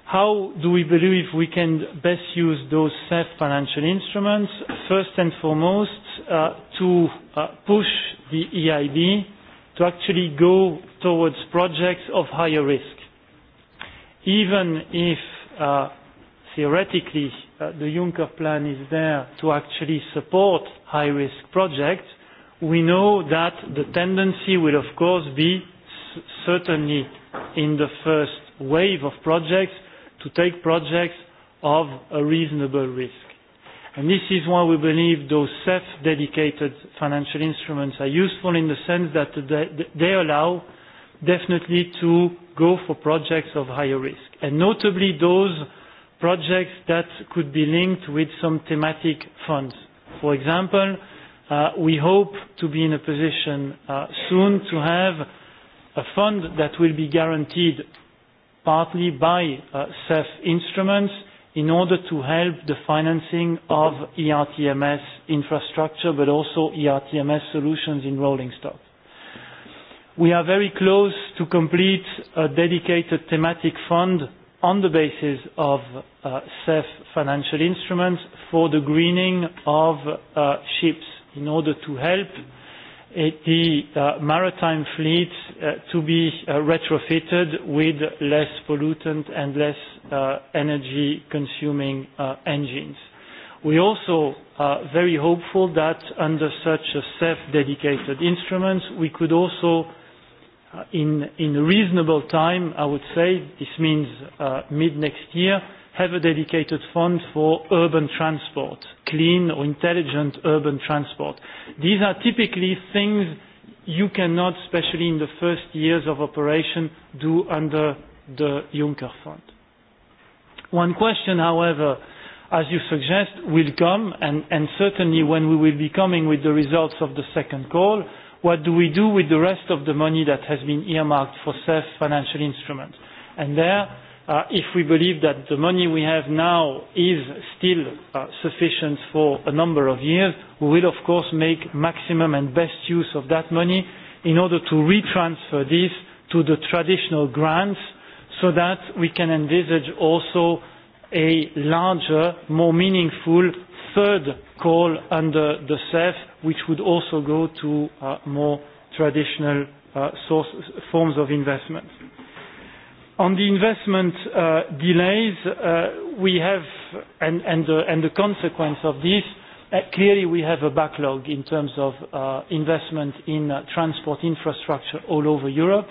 How do we believe we can best use those CEF financial instruments? First and foremost, uh, to uh, push the EIB to actually go towards projects of higher risk. Even if uh, theoretically uh, the Juncker plan is there to actually support high risk projects, we know that the tendency will of course be certainly in the first wave of projects to take projects of a reasonable risk. And this is why we believe those self-dedicated financial instruments are useful in the sense that they allow definitely to go for projects of higher risk, and notably those projects that could be linked with some thematic funds. For example, uh, we hope to be in a position uh, soon to have a fund that will be guaranteed partly by uh, CEF instruments in order to help the financing of ERTMS infrastructure, but also ERTMS solutions in rolling stock. We are very close to complete a dedicated thematic fund on the basis of uh, CEF financial instruments for the greening of uh, ships in order to help the maritime fleets to be retrofitted with less pollutant and less energy consuming engines. We're also very hopeful that under such a CEF dedicated instrument, we could also in, in a reasonable time, I would say, this means mid next year, have a dedicated fund for urban transport, clean or intelligent urban transport. These are typically things you cannot, especially in the first years of operation, do under the Juncker Fund. One question, however, as you suggest, will come, and, and certainly when we will be coming with the results of the second call, what do we do with the rest of the money that has been earmarked for CEF financial instruments? And there, uh, if we believe that the money we have now is still uh, sufficient for a number of years, we will of course make maximum and best use of that money in order to retransfer this to the traditional grants so that we can envisage also a larger, more meaningful third call under the CEF, which would also go to uh, more traditional uh, source, forms of investment. On the investment delays, we have and and the and the consequence of this, clearly we have a backlog in terms of investment in transport infrastructure all over Europe.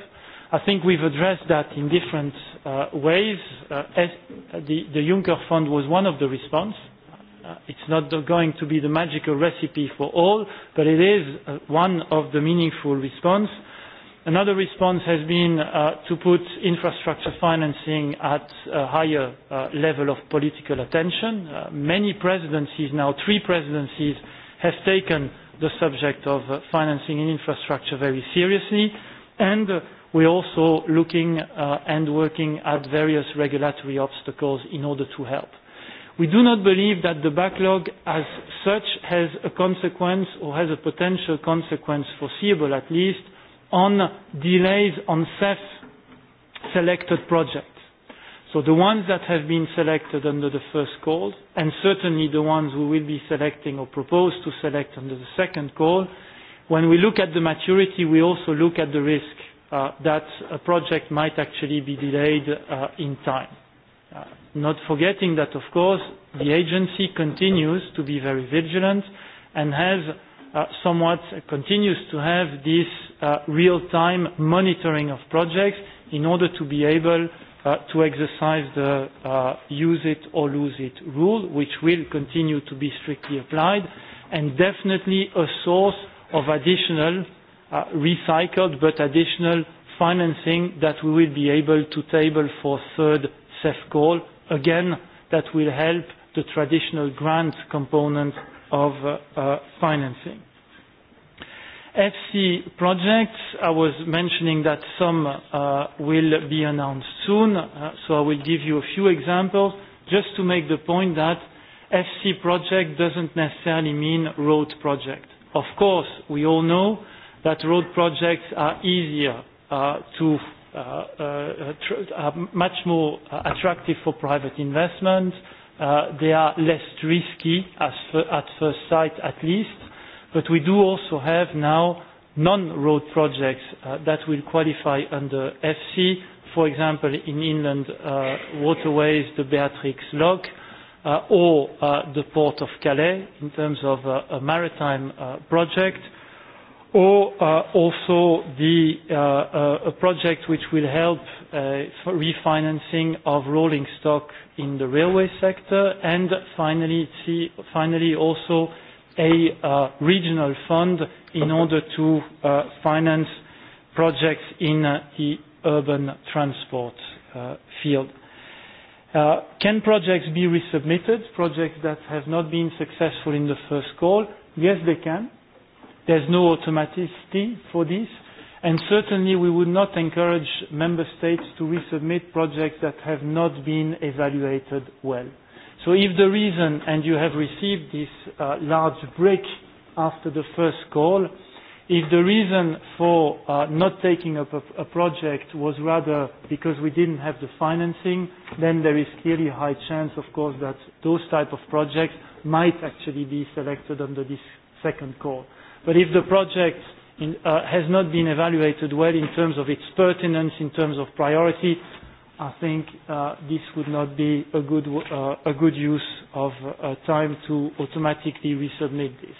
I think we've addressed that in different uh ways. The Juncker Fund was one of the response. It's not going to be the magical recipe for all, but it is one of the meaningful response Another response has been uh, to put infrastructure financing at a higher uh, level of political attention. Uh, many presidencies, now three presidencies, have taken the subject of uh, financing in infrastructure very seriously. And uh, we're also looking uh, and working at various regulatory obstacles in order to help. We do not believe that the backlog as such has a consequence or has a potential consequence foreseeable at least on delays on CEF selected projects. So the ones that have been selected under the first call, and certainly the ones we will be selecting or propose to select under the second call, when we look at the maturity, we also look at the risk uh, that a project might actually be delayed uh, in time. Uh, not forgetting that, of course, the agency continues to be very vigilant and has somewhat continues to have this uh, real-time monitoring of projects in order to be able uh, to exercise the uh, use it or lose it rule, which will continue to be strictly applied, and definitely a source of additional uh, recycled but additional financing that we will be able to table for third CEF call. Again, that will help the traditional grant component of uh, financing. FC projects, I was mentioning that some uh, will be announced soon, uh, so I will give you a few examples just to make the point that FC project doesn't necessarily mean road project. Of course, we all know that road projects are easier uh, to uh, uh, are much more attractive for private investment, uh, they are less risky as f- at first sight at least, but we do also have now non-road projects uh, that will qualify under FC, for example in inland uh, waterways, the Beatrix Lock, uh, or uh, the port of Calais in terms of uh, a maritime uh, project, or also the project which will help for refinancing of rolling stock in the railway sector, and finally, also a regional fund in order to finance projects in the urban transport field. can projects be resubmitted, projects that have not been successful in the first call? Yes, they can There's no automaticity for this, and certainly we would not encourage member states to resubmit projects that have not been evaluated well. So if the reason, and you have received this uh, large break after the first call, if the reason for uh, not taking up a, a project was rather because we didn't have the financing, then there is clearly a high chance, of course, that those type of projects might actually be selected under this second call. But if the project in, uh, has not been evaluated well in terms of its pertinence, in terms of priority, I think uh, this would not be a good, uh, a good use of uh, time to automatically resubmit this.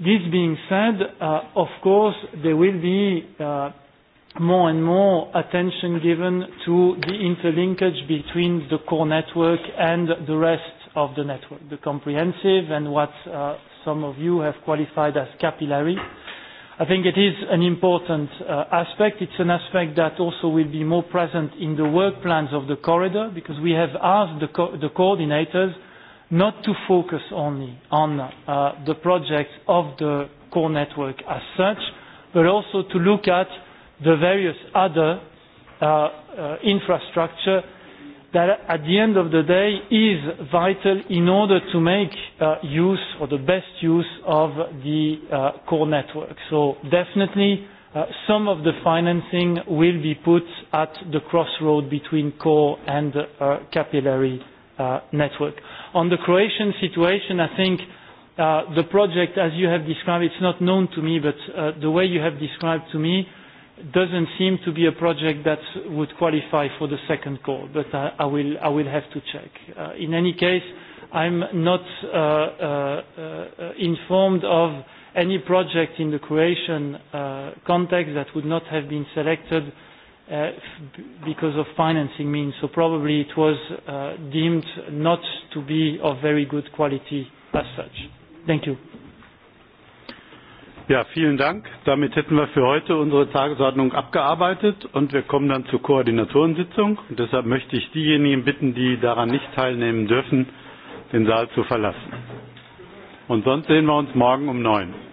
This being said, uh, of course, there will be uh, more and more attention given to the interlinkage between the core network and the rest of the network, the comprehensive and what uh, some of you have qualified as capillary. I think it is an important uh, aspect. It's an aspect that also will be more present in the work plans of the corridor because we have asked the, co- the coordinators not to focus only on uh, the projects of the core network as such, but also to look at the various other uh, uh, infrastructure that at the end of the day is vital in order to make uh, use or the best use of the uh, core network. So definitely uh, some of the financing will be put at the crossroad between core and uh, capillary uh, network. On the Croatian situation, I think uh, the project, as you have described, it's not known to me, but uh, the way you have described to me, uh, doesn't seem to be a project that would qualify for the second call, but I, I, will, I will have to check. Uh, in any case, I'm not uh, uh, uh, informed of any project in the Croatian uh, context that would not have been selected uh, f because of financing means. So probably it was uh, deemed not to be of very good quality as such. Thank you. Ja, vielen Dank. Damit hätten wir für heute unsere Tagesordnung abgearbeitet und wir kommen dann zur Koordinatorensitzung. Und deshalb möchte ich diejenigen bitten, die daran nicht teilnehmen dürfen, den Saal zu verlassen. Und sonst sehen wir uns morgen um neun.